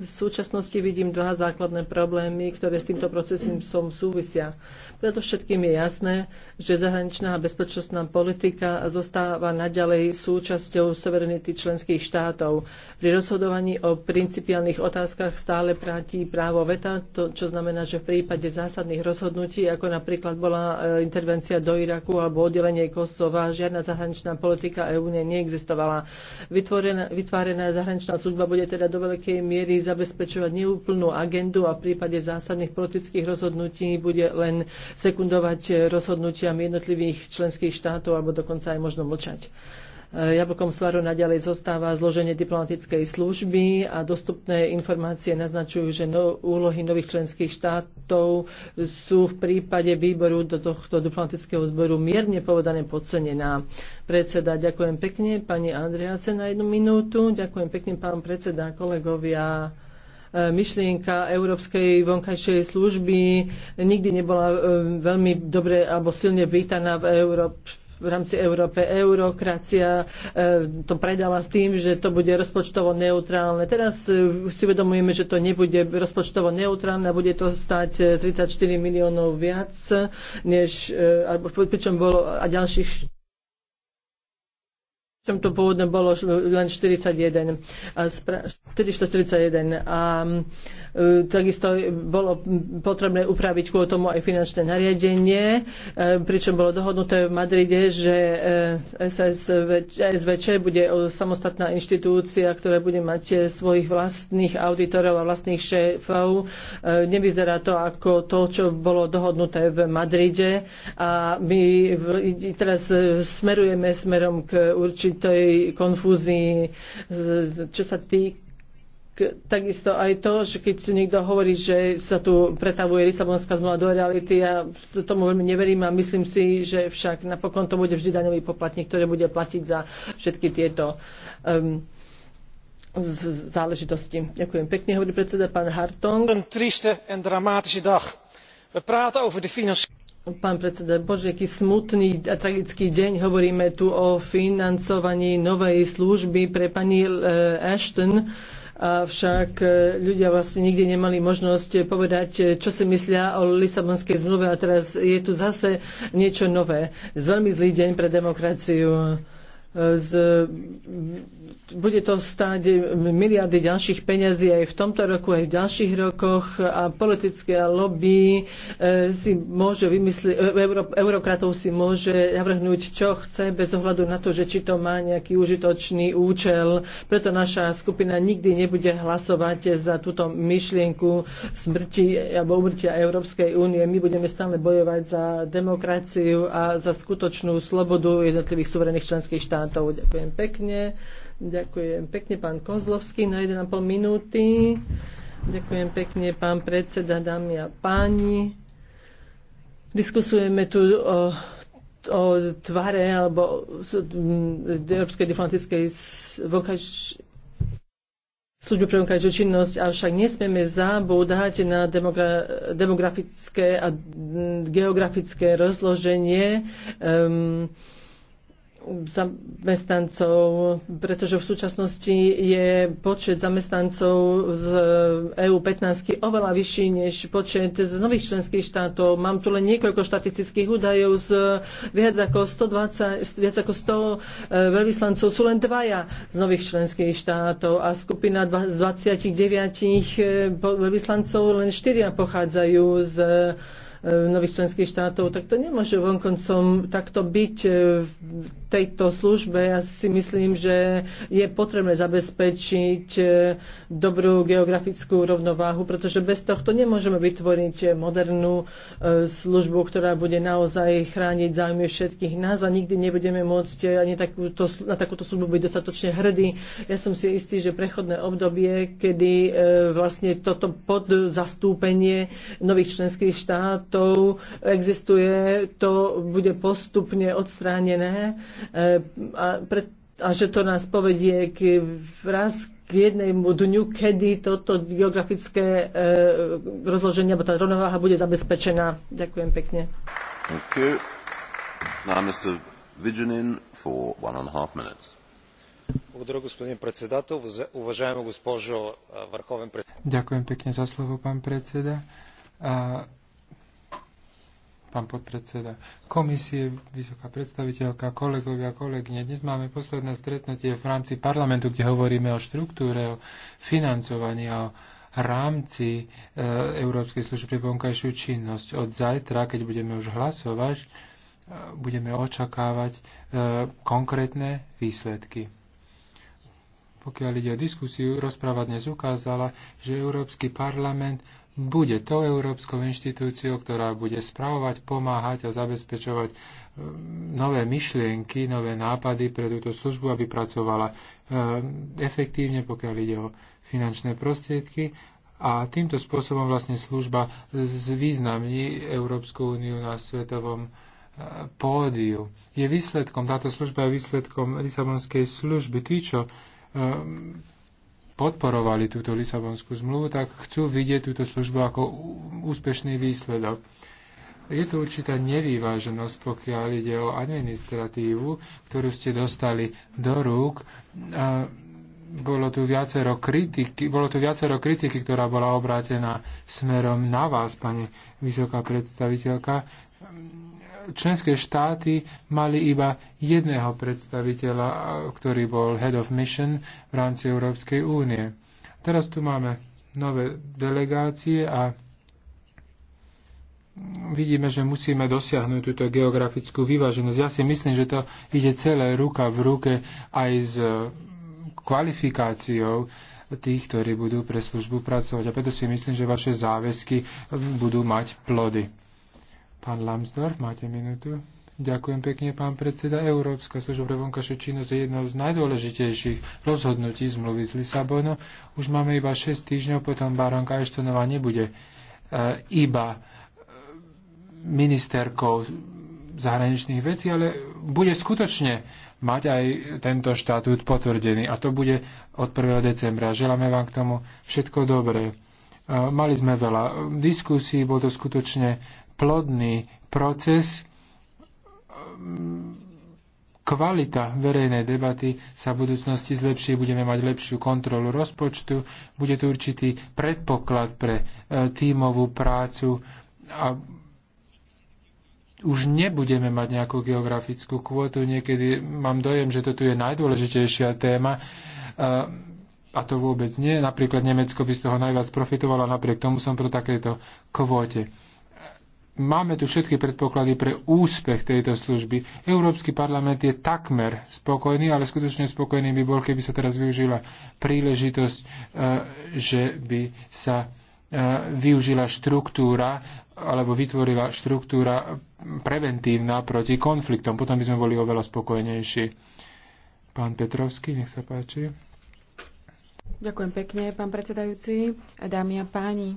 V súčasnosti vidím dva základné problémy, ktoré s týmto procesom som súvisia. Preto všetkým je jasné, že zahraničná a bezpečnostná politika zostáva naďalej súčasťou suverenity členských štátov. Pri rozhodovaní o principiálnych otázkach stále platí právo právo veta, to, čo znamená, že v prípade zásadných rozhodnutí, ako napríklad bola e, intervencia do Iraku alebo oddelenie Kosova, žiadna zahraničná politika EÚ neexistovala. Vytvorená, vytvárená zahraničná služba bude teda do veľkej miery zabezpečovať neúplnú agendu a v prípade zásadných politických rozhodnutí bude len sekundovať rozhodnutiam jednotlivých členských štátov alebo dokonca aj možno mlčať. Jablkom svaru naďalej zostáva zloženie diplomatickej služby a dostupné informácie naznačujú, že no, úlohy nových členských štátov sú v prípade výboru do tohto diplomatického zboru mierne povedané podcenená. Predseda, ďakujem pekne. Pani sa na jednu minútu. Ďakujem pekne, pán predseda, kolegovia e, myšlienka Európskej vonkajšej služby nikdy nebola e, veľmi dobre alebo silne vítaná v Európe v rámci Európe eurokracia e, to predala s tým, že to bude rozpočtovo neutrálne. Teraz e, si uvedomujeme, že to nebude rozpočtovo neutrálne a bude to stať 34 e, miliónov viac, než, e, pričom bolo a ďalších čom to pôvodne bolo len 41. A 441. A E, takisto bolo potrebné upraviť kvôli tomu aj finančné nariadenie, e, pričom bolo dohodnuté v Madride, že e, SVČ bude samostatná inštitúcia, ktorá bude mať svojich vlastných auditorov a vlastných šéfov. Nevyzerá to ako to, čo bolo dohodnuté v Madride a my teraz smerujeme smerom k určitej konfúzii, čo sa týka takisto aj to, že keď si niekto hovorí, že sa tu pretavuje Lisabonská zmluva do reality, ja tomu veľmi neverím a myslím si, že však napokon to bude vždy daňový poplatník, ktorý bude platiť za všetky tieto um, záležitosti. Ďakujem pekne, hovorí predseda pán Hartong. Pán predseda, bože, aký smutný a tragický deň. Hovoríme tu o financovaní novej služby pre pani eh, Ashton avšak e, ľudia vlastne nikdy nemali možnosť povedať, e, čo si myslia o Lisabonskej zmluve a teraz je tu zase niečo nové. Z veľmi zlý deň pre demokraciu. E, z bude to stáť miliardy ďalších peňazí aj v tomto roku, aj v ďalších rokoch a politické lobby e, si môže vymysliť, e, euro, eurokratov si môže navrhnúť, čo chce, bez ohľadu na to, že či to má nejaký užitočný účel. Preto naša skupina nikdy nebude hlasovať za túto myšlienku smrti alebo umrtia Európskej únie. My budeme stále bojovať za demokraciu a za skutočnú slobodu jednotlivých suverených členských štátov. Ďakujem pekne. Ďakujem pekne, pán Kozlovský, na 1,5 minúty. Ďakujem pekne, pán predseda, dámy a páni. Diskusujeme tu o, o tvare alebo mm, Európskej diplomatickej vokač, služby pre vonkajšiu činnosť, avšak nesmieme zabúdať na demogra- demografické a mm, geografické rozloženie um, zamestnancov, pretože v súčasnosti je počet zamestnancov z EU 15 oveľa vyšší než počet z nových členských štátov. Mám tu len niekoľko štatistických údajov z viac ako 120, viac ako 100 e, veľvyslancov sú len dvaja z nových členských štátov a skupina z 29 e, veľvyslancov len štyria pochádzajú z e, nových členských štátov, tak to nemôže vonkoncom takto byť tejto službe ja si myslím, že je potrebné zabezpečiť e, dobrú geografickú rovnováhu, pretože bez tohto nemôžeme vytvoriť modernú e, službu, ktorá bude naozaj chrániť záujmy všetkých nás a nikdy nebudeme môcť ani takúto, na takúto službu byť dostatočne hrdí. Ja som si istý, že prechodné obdobie, kedy e, vlastne toto podzastúpenie nových členských štátov existuje, to bude postupne odstránené E, a, pre, a že to nás povedie k raz k jednému dňu, kedy toto geografické e, rozloženie alebo tá rovnováha bude zabezpečená. Ďakujem pekne.
Thank you. Now, Mr. Vigenin for one and a half minutes.
Благодаря, господин председател. Уважаема госпожо Върховен председател.
Ďakujem pekne za slovo, pán predseda. A pán podpredseda komisie, vysoká predstaviteľka, kolegovia, kolegyne. Dnes máme posledné stretnutie v rámci parlamentu, kde hovoríme o štruktúre, o financovaní, o rámci e, Európskej služby pre vonkajšiu činnosť. Od zajtra, keď budeme už hlasovať, e, budeme očakávať e, konkrétne výsledky. Pokiaľ ide o diskusiu, rozpráva dnes ukázala, že Európsky parlament bude tou európskou inštitúciou, ktorá bude spravovať, pomáhať a zabezpečovať ehm, nové myšlienky, nové nápady pre túto službu, aby pracovala ehm, efektívne, pokiaľ ide o finančné prostriedky. A týmto spôsobom vlastne služba zvýznamní Európsku úniu na svetovom ehm, pódiu. Je výsledkom, táto služba je výsledkom Lisabonskej služby. Tí, čo podporovali túto Lisabonskú zmluvu, tak chcú vidieť túto službu ako úspešný výsledok. Je tu určitá nevýváženosť, pokiaľ ide o administratívu, ktorú ste dostali do rúk. Bolo tu viacero kritiky, bolo tu viacero kritiky ktorá bola obrátená smerom na vás, pani vysoká predstaviteľka členské štáty mali iba jedného predstaviteľa, ktorý bol Head of Mission v rámci Európskej únie. Teraz tu máme nové delegácie a vidíme, že musíme dosiahnuť túto geografickú vyváženosť. Ja si myslím, že to ide celé ruka v ruke aj s kvalifikáciou tých, ktorí budú pre službu pracovať. A preto si myslím, že vaše záväzky budú mať plody. Pán Lambsdorff, máte minútu. Ďakujem pekne, pán predseda. Európska služba pre vonkajšiu činnosť je jednou z najdôležitejších rozhodnutí zmluvy z Lisabonu. Už máme iba 6 týždňov, potom baronka Eštonová nebude e, iba e, ministerkou zahraničných vecí, ale bude skutočne mať aj tento štatút potvrdený. A to bude od 1. decembra. Želáme vám k tomu všetko dobré. E, mali sme veľa diskusí, bol to skutočne plodný proces, kvalita verejnej debaty sa v budúcnosti zlepší, budeme mať lepšiu kontrolu rozpočtu, bude tu určitý predpoklad pre e, tímovú prácu a už nebudeme mať nejakú geografickú kvotu. Niekedy mám dojem, že toto je najdôležitejšia téma e, a to vôbec nie. Napríklad Nemecko by z toho najviac profitovalo, napriek tomu som pro takéto kvote máme tu všetky predpoklady pre úspech tejto služby. Európsky parlament je takmer spokojný, ale skutočne spokojný by bol, keby sa teraz využila príležitosť, e, že by sa e, využila štruktúra alebo vytvorila štruktúra preventívna proti konfliktom. Potom by sme boli oveľa spokojnejší. Pán Petrovský, nech sa páči.
Ďakujem pekne, pán predsedajúci, dámy a páni.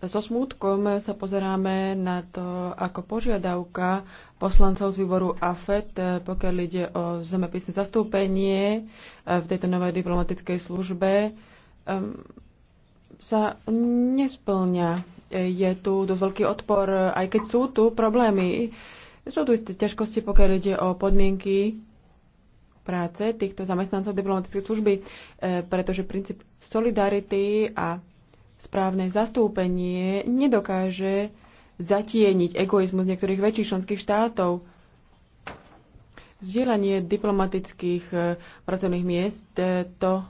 So smútkom sa pozeráme na to, ako požiadavka poslancov z výboru AFET, eh, pokiaľ ide o zemepisné zastúpenie eh, v tejto novej diplomatickej službe, ehm, sa nesplňa. Je tu dosť veľký odpor, aj keď sú tu problémy. Sú tu isté ťažkosti, pokiaľ ide o podmienky práce týchto zamestnancov diplomatickej služby, eh, pretože princíp solidarity a správne zastúpenie nedokáže zatieniť egoizmus niektorých väčších členských štátov. Zdieľanie diplomatických e, pracovných miest e, to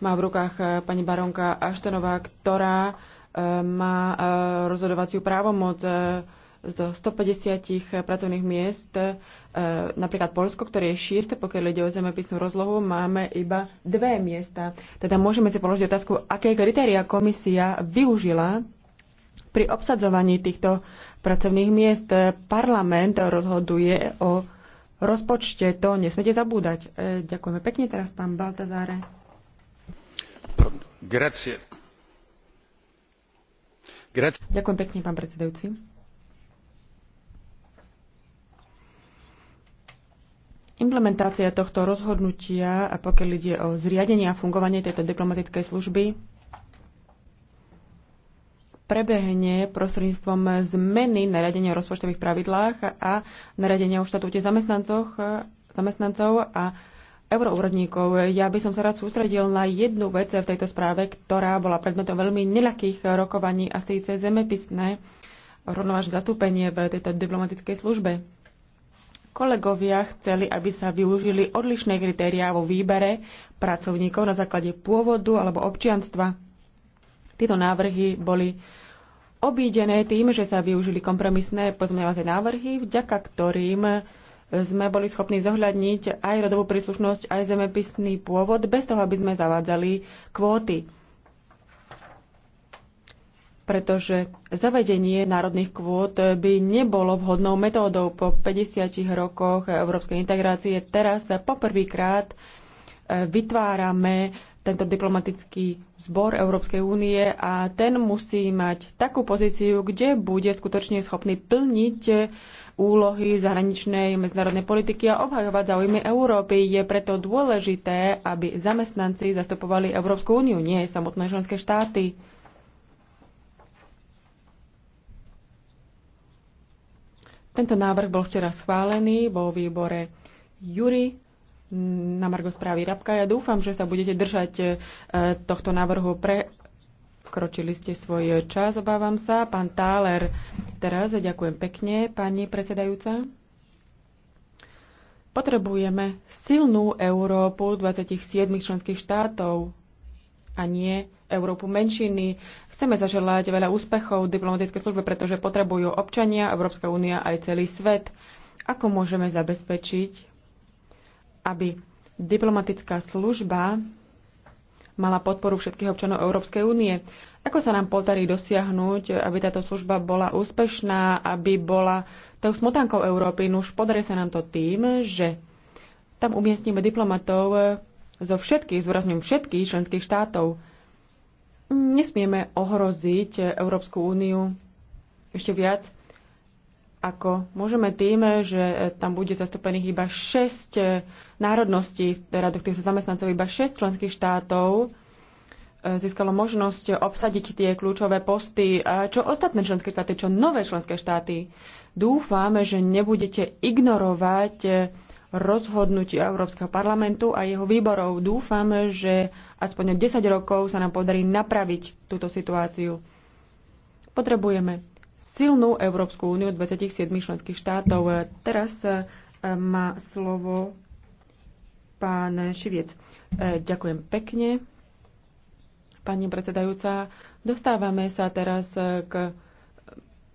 má v rukách e, pani baronka Aštenová, ktorá má rozhodovaciu právomoc zo 150 pracovných miest, e, napríklad Polsko, ktoré je šieste, pokiaľ ide o zemepisnú rozlohu, máme iba dve miesta. Teda môžeme si položiť otázku, aké kritéria komisia využila pri obsadzovaní týchto pracovných miest. Parlament rozhoduje o rozpočte, to nesmete zabúdať. E, ďakujeme pekne teraz, pán Baltazáre.
Grazie. Grazie.
Ďakujem pekne, pán predsedajúci. Implementácia tohto rozhodnutia, a pokiaľ ide o zriadenie a fungovanie tejto diplomatickej služby, prebehne prostredníctvom zmeny nariadenia o rozpočtových pravidlách a nariadenia o štatúte zamestnancov a euroúrodníkov. Ja by som sa rád sústredil na jednu vec v tejto správe, ktorá bola predmetom veľmi neľakých rokovaní a síce zemepisné rovnovážne zastúpenie v tejto diplomatickej službe. Kolegovia chceli, aby sa využili odlišné kritériá vo výbere pracovníkov na základe pôvodu alebo občianstva. Tieto návrhy boli obídené tým, že sa využili kompromisné pozmeňovacie návrhy, vďaka ktorým sme boli schopní zohľadniť aj rodovú príslušnosť, aj zemepisný pôvod, bez toho, aby sme zavádzali kvóty pretože zavedenie národných kvót by nebolo vhodnou metódou. Po 50 rokoch európskej integrácie teraz poprvýkrát e, vytvárame tento diplomatický zbor Európskej únie a ten musí mať takú pozíciu, kde bude skutočne schopný plniť úlohy zahraničnej medzinárodnej politiky a obhajovať záujmy Európy. Je preto dôležité, aby zamestnanci zastupovali Európsku úniu, nie samotné členské štáty. Tento návrh bol včera schválený vo výbore Jury na Margo správy Rabka. Ja dúfam, že sa budete držať e, tohto návrhu pre Kročili ste svoj čas, obávam sa. Pán Táler, teraz ďakujem pekne, pani predsedajúca. Potrebujeme silnú Európu 27 členských štátov, a nie Európu menšiny. Chceme zaželať veľa úspechov diplomatickej službe, pretože potrebujú občania, Európska únia aj celý svet. Ako môžeme zabezpečiť, aby diplomatická služba mala podporu všetkých občanov Európskej únie. Ako sa nám podarí dosiahnuť, aby táto služba bola úspešná, aby bola tou smotankou Európy? No už podarí sa nám to tým, že tam umiestnime diplomatov, zo všetkých, zúrazňujem všetkých členských štátov. Nesmieme ohroziť Európsku úniu ešte viac, ako môžeme tým, že tam bude zastúpených iba 6 národností, teda do ktorých týchto zamestnancov iba 6 členských štátov e, získalo možnosť obsadiť tie kľúčové posty. čo ostatné členské štáty, čo nové členské štáty? Dúfame, že nebudete ignorovať e, rozhodnutia Európskeho parlamentu a jeho výborov. Dúfam, že aspoň o 10 rokov sa nám podarí napraviť túto situáciu. Potrebujeme silnú Európsku úniu 27 členských štátov. Teraz eh, má slovo pán Šiviec. Eh, ďakujem pekne. Pani predsedajúca, dostávame sa teraz eh, k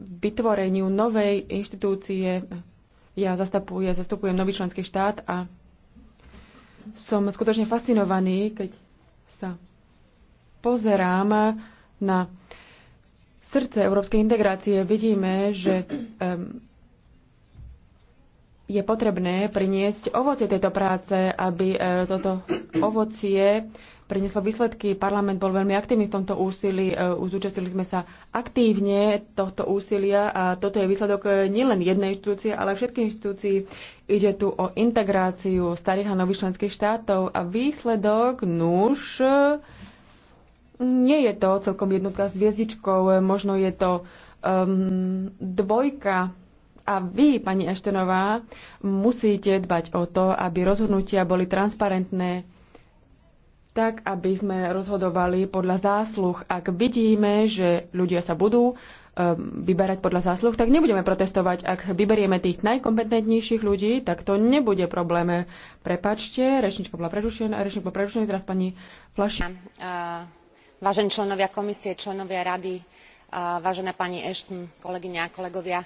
vytvoreniu novej inštitúcie ja zastupujem, zastupujem nový členský štát a som skutočne fascinovaný, keď sa pozerám na srdce európskej integrácie. Vidíme, že um, je potrebné priniesť ovocie tejto práce, aby e, toto ovocie prinieslo výsledky. Parlament bol veľmi aktívny v tomto úsilí, e, zúčastnili sme sa aktívne tohto úsilia a toto je výsledok e, nielen jednej inštitúcie, ale všetkých inštitúcií. Ide tu o integráciu starých a nových členských štátov a výsledok, nuž, e, nie je to celkom jednotka s hviezdičkou, možno je to um, dvojka a vy, pani Eštenová, musíte dbať o to, aby rozhodnutia boli transparentné, tak aby sme rozhodovali podľa zásluh. Ak vidíme, že ľudia sa budú um, vyberať podľa zásluh, tak nebudeme protestovať. Ak vyberieme tých najkompetentnejších ľudí, tak to nebude problém. Prepačte, rečnička bola prerušená, rečnička bola prerušená, teraz pani Flaši.
Uh, vážení členovia komisie, členovia rady, uh, vážená pani Ashton, kolegyňa a kolegovia,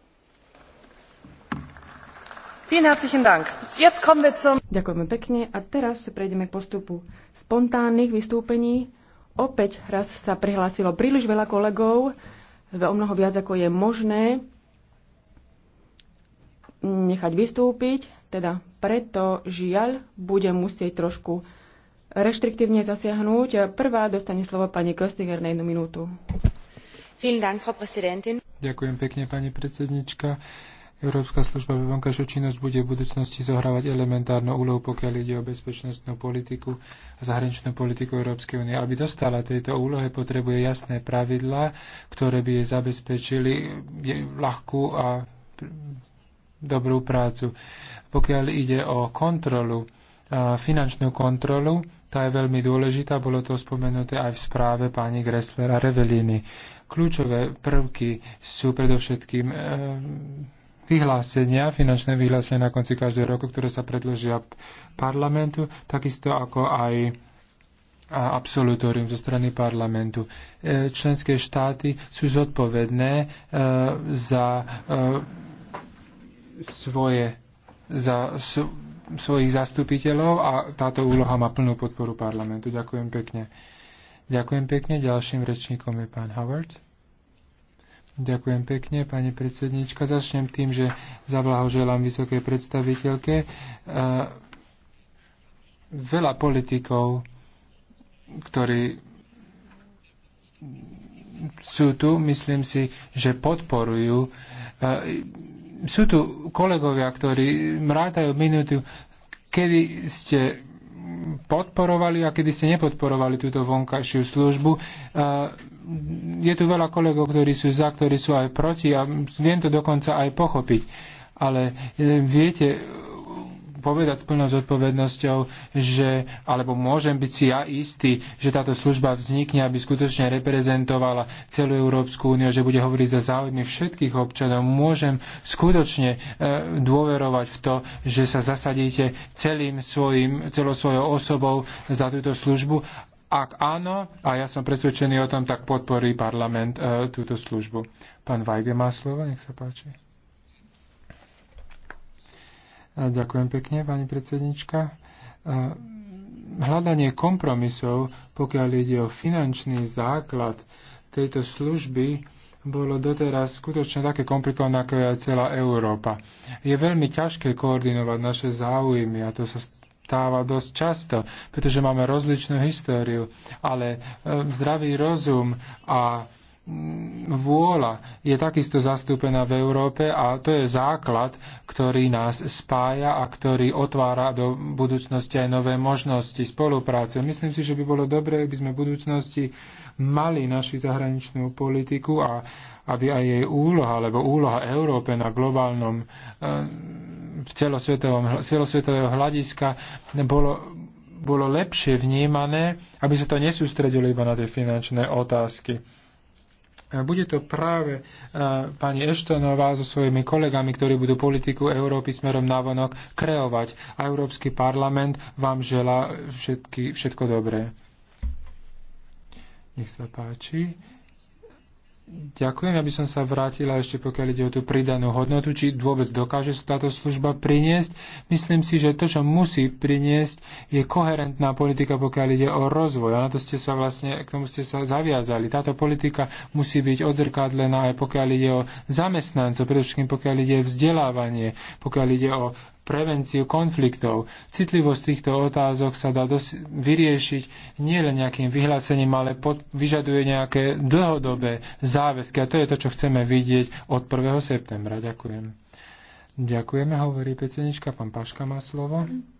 Ďakujeme pekne a teraz prejdeme k postupu spontánnych vystúpení. Opäť raz sa prihlásilo príliš veľa kolegov, o mnoho viac ako je možné nechať vystúpiť, teda preto žiaľ budem musieť trošku reštriktívne zasiahnuť. Prvá dostane slovo pani Köstiger na jednu minútu.
Ďakujem
pekne, pani predsednička. Európska služba pre vonkajšiu činnosť bude v budúcnosti zohrávať elementárnu úlohu, pokiaľ ide o bezpečnostnú politiku a zahraničnú politiku Európskej únie. Aby dostala tejto úlohe, potrebuje jasné pravidlá, ktoré by jej zabezpečili ľahkú a dobrú prácu. Pokiaľ ide o kontrolu, finančnú kontrolu, tá je veľmi dôležitá, bolo to spomenuté aj v správe pani Gresslera Reveliny. Kľúčové prvky sú predovšetkým vyhlásenia, finančné vyhlásenia na konci každého roku, ktoré sa predložia parlamentu, takisto ako aj a absolutórium zo strany parlamentu. E, členské štáty sú zodpovedné e, za e, svoje za svojich zastupiteľov a táto úloha má plnú podporu parlamentu. Ďakujem pekne. Ďakujem pekne. Ďalším rečníkom je pán Howard. Ďakujem pekne, pani predsednička. Začnem tým, že zablahoželám vysokej predstaviteľke. E, veľa politikov, ktorí sú tu, myslím si, že podporujú. E, sú tu kolegovia, ktorí mrátajú minútu, kedy ste podporovali a kedy ste nepodporovali túto vonkajšiu službu. E, je tu veľa kolegov, ktorí sú za, ktorí sú aj proti a viem to dokonca aj pochopiť. Ale e, viete, povedať s plnou zodpovednosťou, že, alebo môžem byť si ja istý, že táto služba vznikne, aby skutočne reprezentovala celú Európsku úniu, že bude hovoriť za záujmy všetkých občanov. Môžem skutočne e, dôverovať v to, že sa zasadíte celým svojim, celou svojou osobou za túto službu ak áno, a ja som presvedčený o tom, tak podporí parlament e, túto službu. Pán Vajge má slovo, nech sa páči. A e, ďakujem pekne, pani predsednička. E, hľadanie kompromisov, pokiaľ ide o finančný základ tejto služby, bolo doteraz skutočne také komplikované, ako je aj celá Európa. Je veľmi ťažké koordinovať naše záujmy a to sa stáva dosť často, pretože máme rozličnú históriu, ale e, zdravý rozum a mm, vôľa je takisto zastúpená v Európe a to je základ, ktorý nás spája a ktorý otvára do budúcnosti aj nové možnosti spolupráce. Myslím si, že by bolo dobré, aby sme v budúcnosti mali našu zahraničnú politiku a aby aj jej úloha, alebo úloha Európe na globálnom e, celosvetového hľadiska bolo, bolo lepšie vnímané, aby sa to nesústredilo iba na tie finančné otázky. Bude to práve pani Eštonová so svojimi kolegami, ktorí budú politiku Európy smerom navonok kreovať. A Európsky parlament vám želá všetky, všetko dobré. Nech sa páči. Ďakujem, aby som sa vrátila ešte pokiaľ ide o tú pridanú hodnotu, či vôbec dokáže sa táto služba priniesť. Myslím si, že to, čo musí priniesť, je koherentná politika, pokiaľ ide o rozvoj. A na to ste sa vlastne, k tomu ste sa zaviazali. Táto politika musí byť odzrkadlená aj pokiaľ ide o zamestnancov, predovšetkým pokiaľ ide o vzdelávanie, pokiaľ ide o prevenciu konfliktov. Citlivosť týchto otázok sa dá vyriešiť nielen nejakým vyhlásením, ale pod- vyžaduje nejaké dlhodobé záväzky. A to je to, čo chceme vidieť od 1. septembra. Ďakujem. Ďakujeme, hovorí pecenička. Pán Paška má slovo. Mm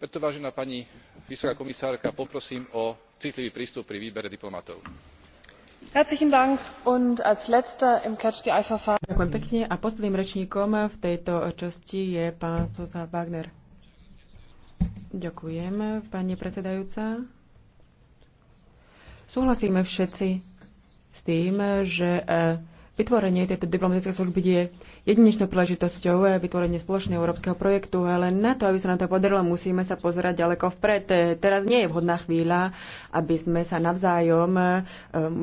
preto vážená pani vysoká komisárka poprosím o citlivý prístup pri výbere diplomatov.
ďakujem pani predsedajúca. Súhlasíme všetci s tým, že eh, vytvorenie tejto diplomatickej služby je jedinečnou príležitosťou je vytvorenie spoločného európskeho projektu, ale na to, aby sa nám to podarilo, musíme sa pozerať ďaleko vpred. E, teraz nie je vhodná chvíľa, aby sme sa navzájom e,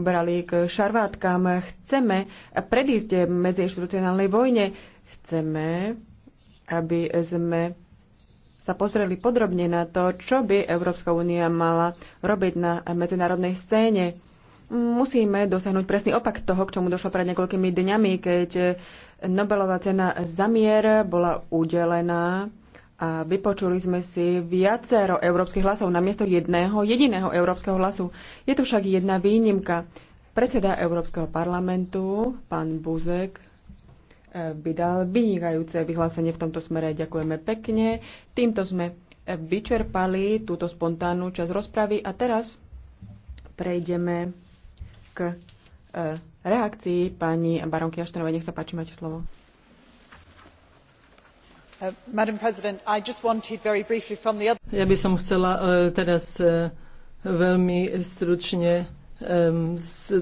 brali k šarvátkam. Chceme predísť medzi inštitucionálnej vojne. Chceme, aby sme sa pozreli podrobne na to, čo by Európska únia mala robiť na medzinárodnej scéne. Musíme dosiahnuť presný opak toho, k čomu došlo pred niekoľkými dňami, keď Nobelová cena za mier bola udelená a vypočuli sme si viacero európskych hlasov namiesto jedného jediného európskeho hlasu. Je tu však jedna výnimka. Predseda Európskeho parlamentu, pán Buzek, eh, dal vynikajúce vyhlásenie v tomto smere. Ďakujeme pekne. Týmto sme eh, vyčerpali túto spontánnu časť rozpravy a teraz prejdeme k E, reakcií pani baronky Aštenovej. Nech sa páči, máte slovo.
Uh, ja by som chcela e, teraz e, veľmi stručne Ehm,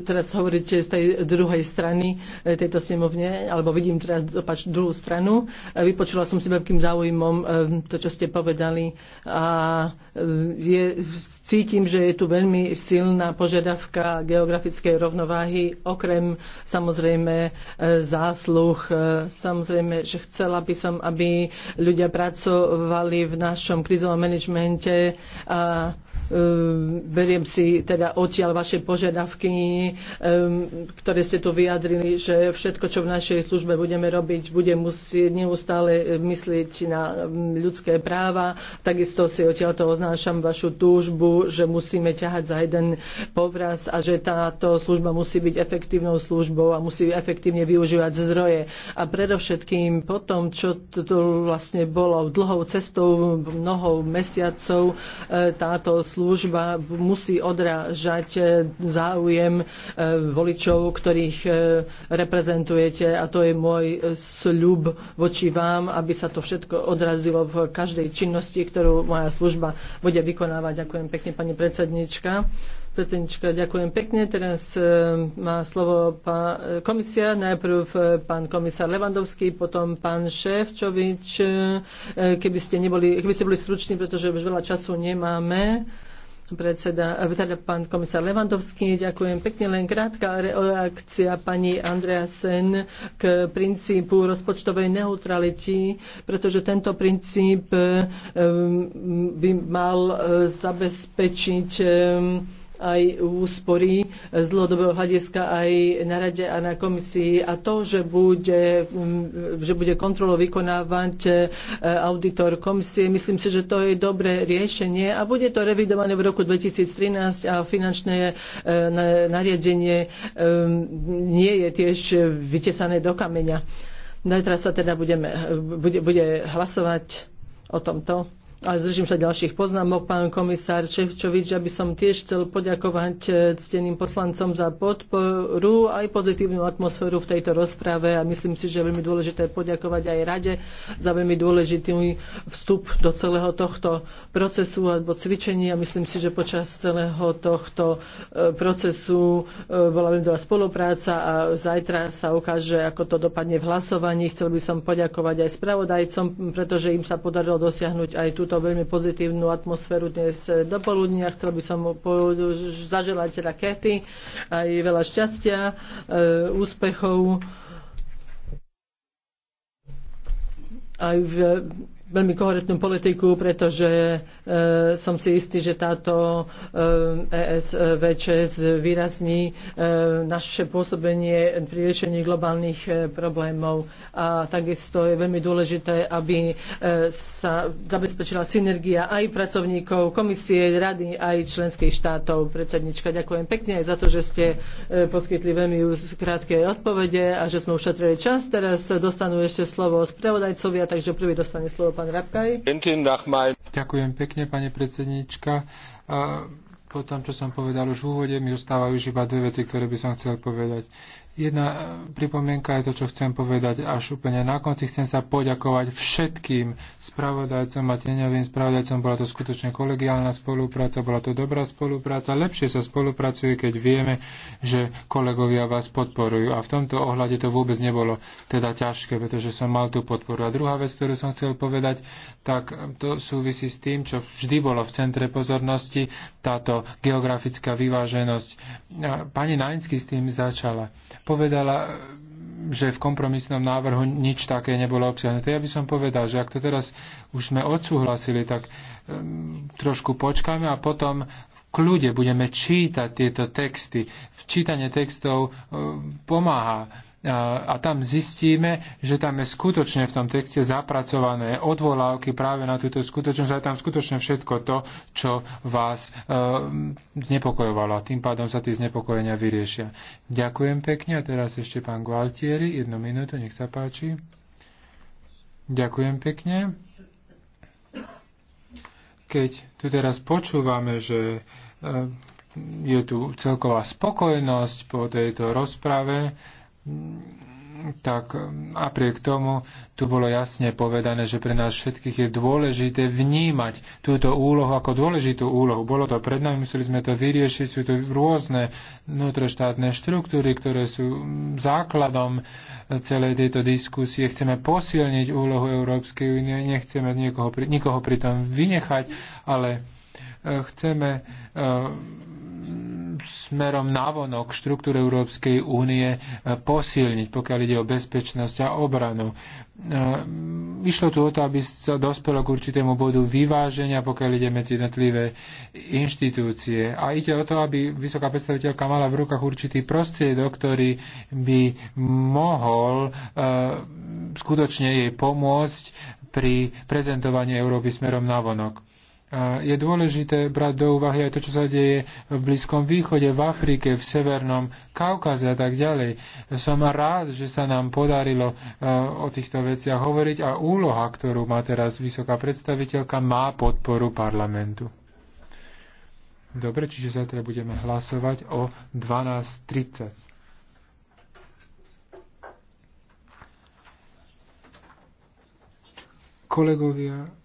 teraz hovoríte z tej druhej strany e, tejto snemovne, alebo vidím teda opač druhú stranu. E, vypočula som si veľkým záujmom ehm, to, čo ste povedali a e, je, cítim, že je tu veľmi silná požiadavka geografickej rovnováhy, okrem samozrejme zásluh. Samozrejme, že chcela by som, aby ľudia pracovali v našom krizovom manažmente a Ehm, beriem si teda odtiaľ vaše požiadavky, ehm, ktoré ste tu vyjadrili, že všetko, čo v našej službe budeme robiť, bude musieť neustále e, myslieť na ľudské práva. Takisto si to oznášam vašu túžbu, že musíme ťahať za jeden povraz a že táto služba musí byť efektívnou službou a musí efektívne využívať zdroje. A predovšetkým po tom, čo to vlastne bolo dlhou cestou, mnohou mesiacov, e, táto služba musí odrážať eh, záujem eh, voličov, ktorých eh, reprezentujete a to je môj sľub voči vám, aby sa to všetko odrazilo v každej činnosti, ktorú moja služba bude vykonávať. Ďakujem pekne, pani predsednička. Predsednička, ďakujem pekne. Teraz e, má slovo pán, komisia. Najprv e, pán komisár Levandovský, potom pán Šévčovič. E, keby ste, neboli, keby ste boli struční, pretože už veľa času nemáme predseda, teda pán komisár Levandovský. Ďakujem pekne. Len krátka reakcia pani Andreasen k princípu rozpočtovej neutrality, pretože tento princíp by mal zabezpečiť aj úspory z dlhodobého hľadiska aj na rade a na komisii a to, že bude, um, že bude kontrolu vykonávať e, auditor komisie, myslím si, že to je dobré riešenie a bude to revidované v roku 2013 a finančné e, nariadenie um, nie je tiež vytesané do kameňa. Teraz sa teda budeme, bude, bude hlasovať o tomto a zdržím sa ďalších poznámok, pán komisár Čevčovič, aby som tiež chcel poďakovať eh, cteným poslancom za podporu aj pozitívnu atmosféru v tejto rozprave a myslím si, že je veľmi dôležité poďakovať aj rade za veľmi dôležitý vstup do celého tohto procesu alebo cvičenia. Myslím si, že počas celého tohto eh, procesu eh, bola veľmi dobrá spolupráca a zajtra sa ukáže, ako to dopadne v hlasovaní. Chcel by som poďakovať aj spravodajcom, pretože im sa podarilo dosiahnuť aj túto túto veľmi pozitívnu atmosféru dnes e, poludnia. Chcel by som zaželať teda Kety aj veľa šťastia, e, úspechov aj v veľmi kohoretnú politiku, pretože e, som si istý, že táto e, ESVČS výrazní e, naše pôsobenie pri riešení globálnych e, problémov a takisto je veľmi dôležité, aby e, sa zabezpečila synergia aj pracovníkov komisie, rady, aj členských štátov. Predsednička, ďakujem pekne aj za to, že ste e, poskytli veľmi krátke odpovede a že sme ušetrili čas. Teraz dostanú ešte slovo spravodajcovia, takže prvý dostane
slovo pán pán Rabkaj. Ďakujem pekne, pani predsednička. Po tom, čo som povedal už v úvode, mi zostávajú už iba dve veci, ktoré by som chcel povedať. Jedna pripomienka je to, čo chcem povedať až úplne na konci. Chcem sa poďakovať všetkým spravodajcom a teňovým spravodajcom. Bola to skutočne kolegiálna spolupráca, bola to dobrá spolupráca. Lepšie sa spolupracuje, keď vieme, že kolegovia vás podporujú. A v tomto ohľade to vôbec nebolo teda ťažké, pretože som mal tú podporu. A druhá vec, ktorú som chcel povedať, tak to súvisí s tým, čo vždy bolo v centre pozornosti, táto geografická vyváženosť. Pani Najnsky s tým začala povedala, že v kompromisnom návrhu nič také nebolo obsiahnuté. Ja by som povedal, že ak to teraz už sme odsúhlasili, tak um, trošku počkáme a potom v kľude budeme čítať tieto texty. Včítanie textov um, pomáha a tam zistíme, že tam je skutočne v tom texte zapracované odvolávky práve na túto skutočnosť a je tam skutočne všetko to, čo vás e, znepokojovalo. Tým pádom sa tie znepokojenia vyriešia. Ďakujem pekne a teraz ešte pán Gualtieri, jednu minútu, nech sa páči. Ďakujem pekne. Keď tu teraz počúvame, že e, je tu celková spokojnosť po tejto rozprave, Mm, tak mm, napriek tomu tu bolo jasne povedané, že pre nás všetkých je dôležité vnímať túto úlohu ako dôležitú úlohu. Bolo to pred nami, museli sme to vyriešiť, sú to rôzne vnútroštátne štruktúry, ktoré sú mm, základom eh, celej tejto diskusie. Chceme posilniť úlohu Európskej únie, nechceme niekoho, nikoho pritom vynechať, ale eh, chceme eh, smerom navonok štruktúry Európskej únie e, posilniť, pokiaľ ide o bezpečnosť a obranu. Išlo e, tu o to, aby sa dospelo k určitému bodu vyváženia, pokiaľ ide medzi jednotlivé inštitúcie. A ide o to, aby vysoká predstaviteľka mala v rukách určitý prostriedok, ktorý by mohol e, skutočne jej pomôcť pri prezentovaní Európy smerom navonok. Je dôležité brať do úvahy aj to, čo sa deje v Blízkom východe, v Afrike, v Severnom Kaukaze a tak ďalej. Som rád, že sa nám podarilo e, o týchto veciach hovoriť a úloha, ktorú má teraz vysoká predstaviteľka, má podporu parlamentu. Dobre, čiže zajtra budeme hlasovať o 12.30. Kolegovia,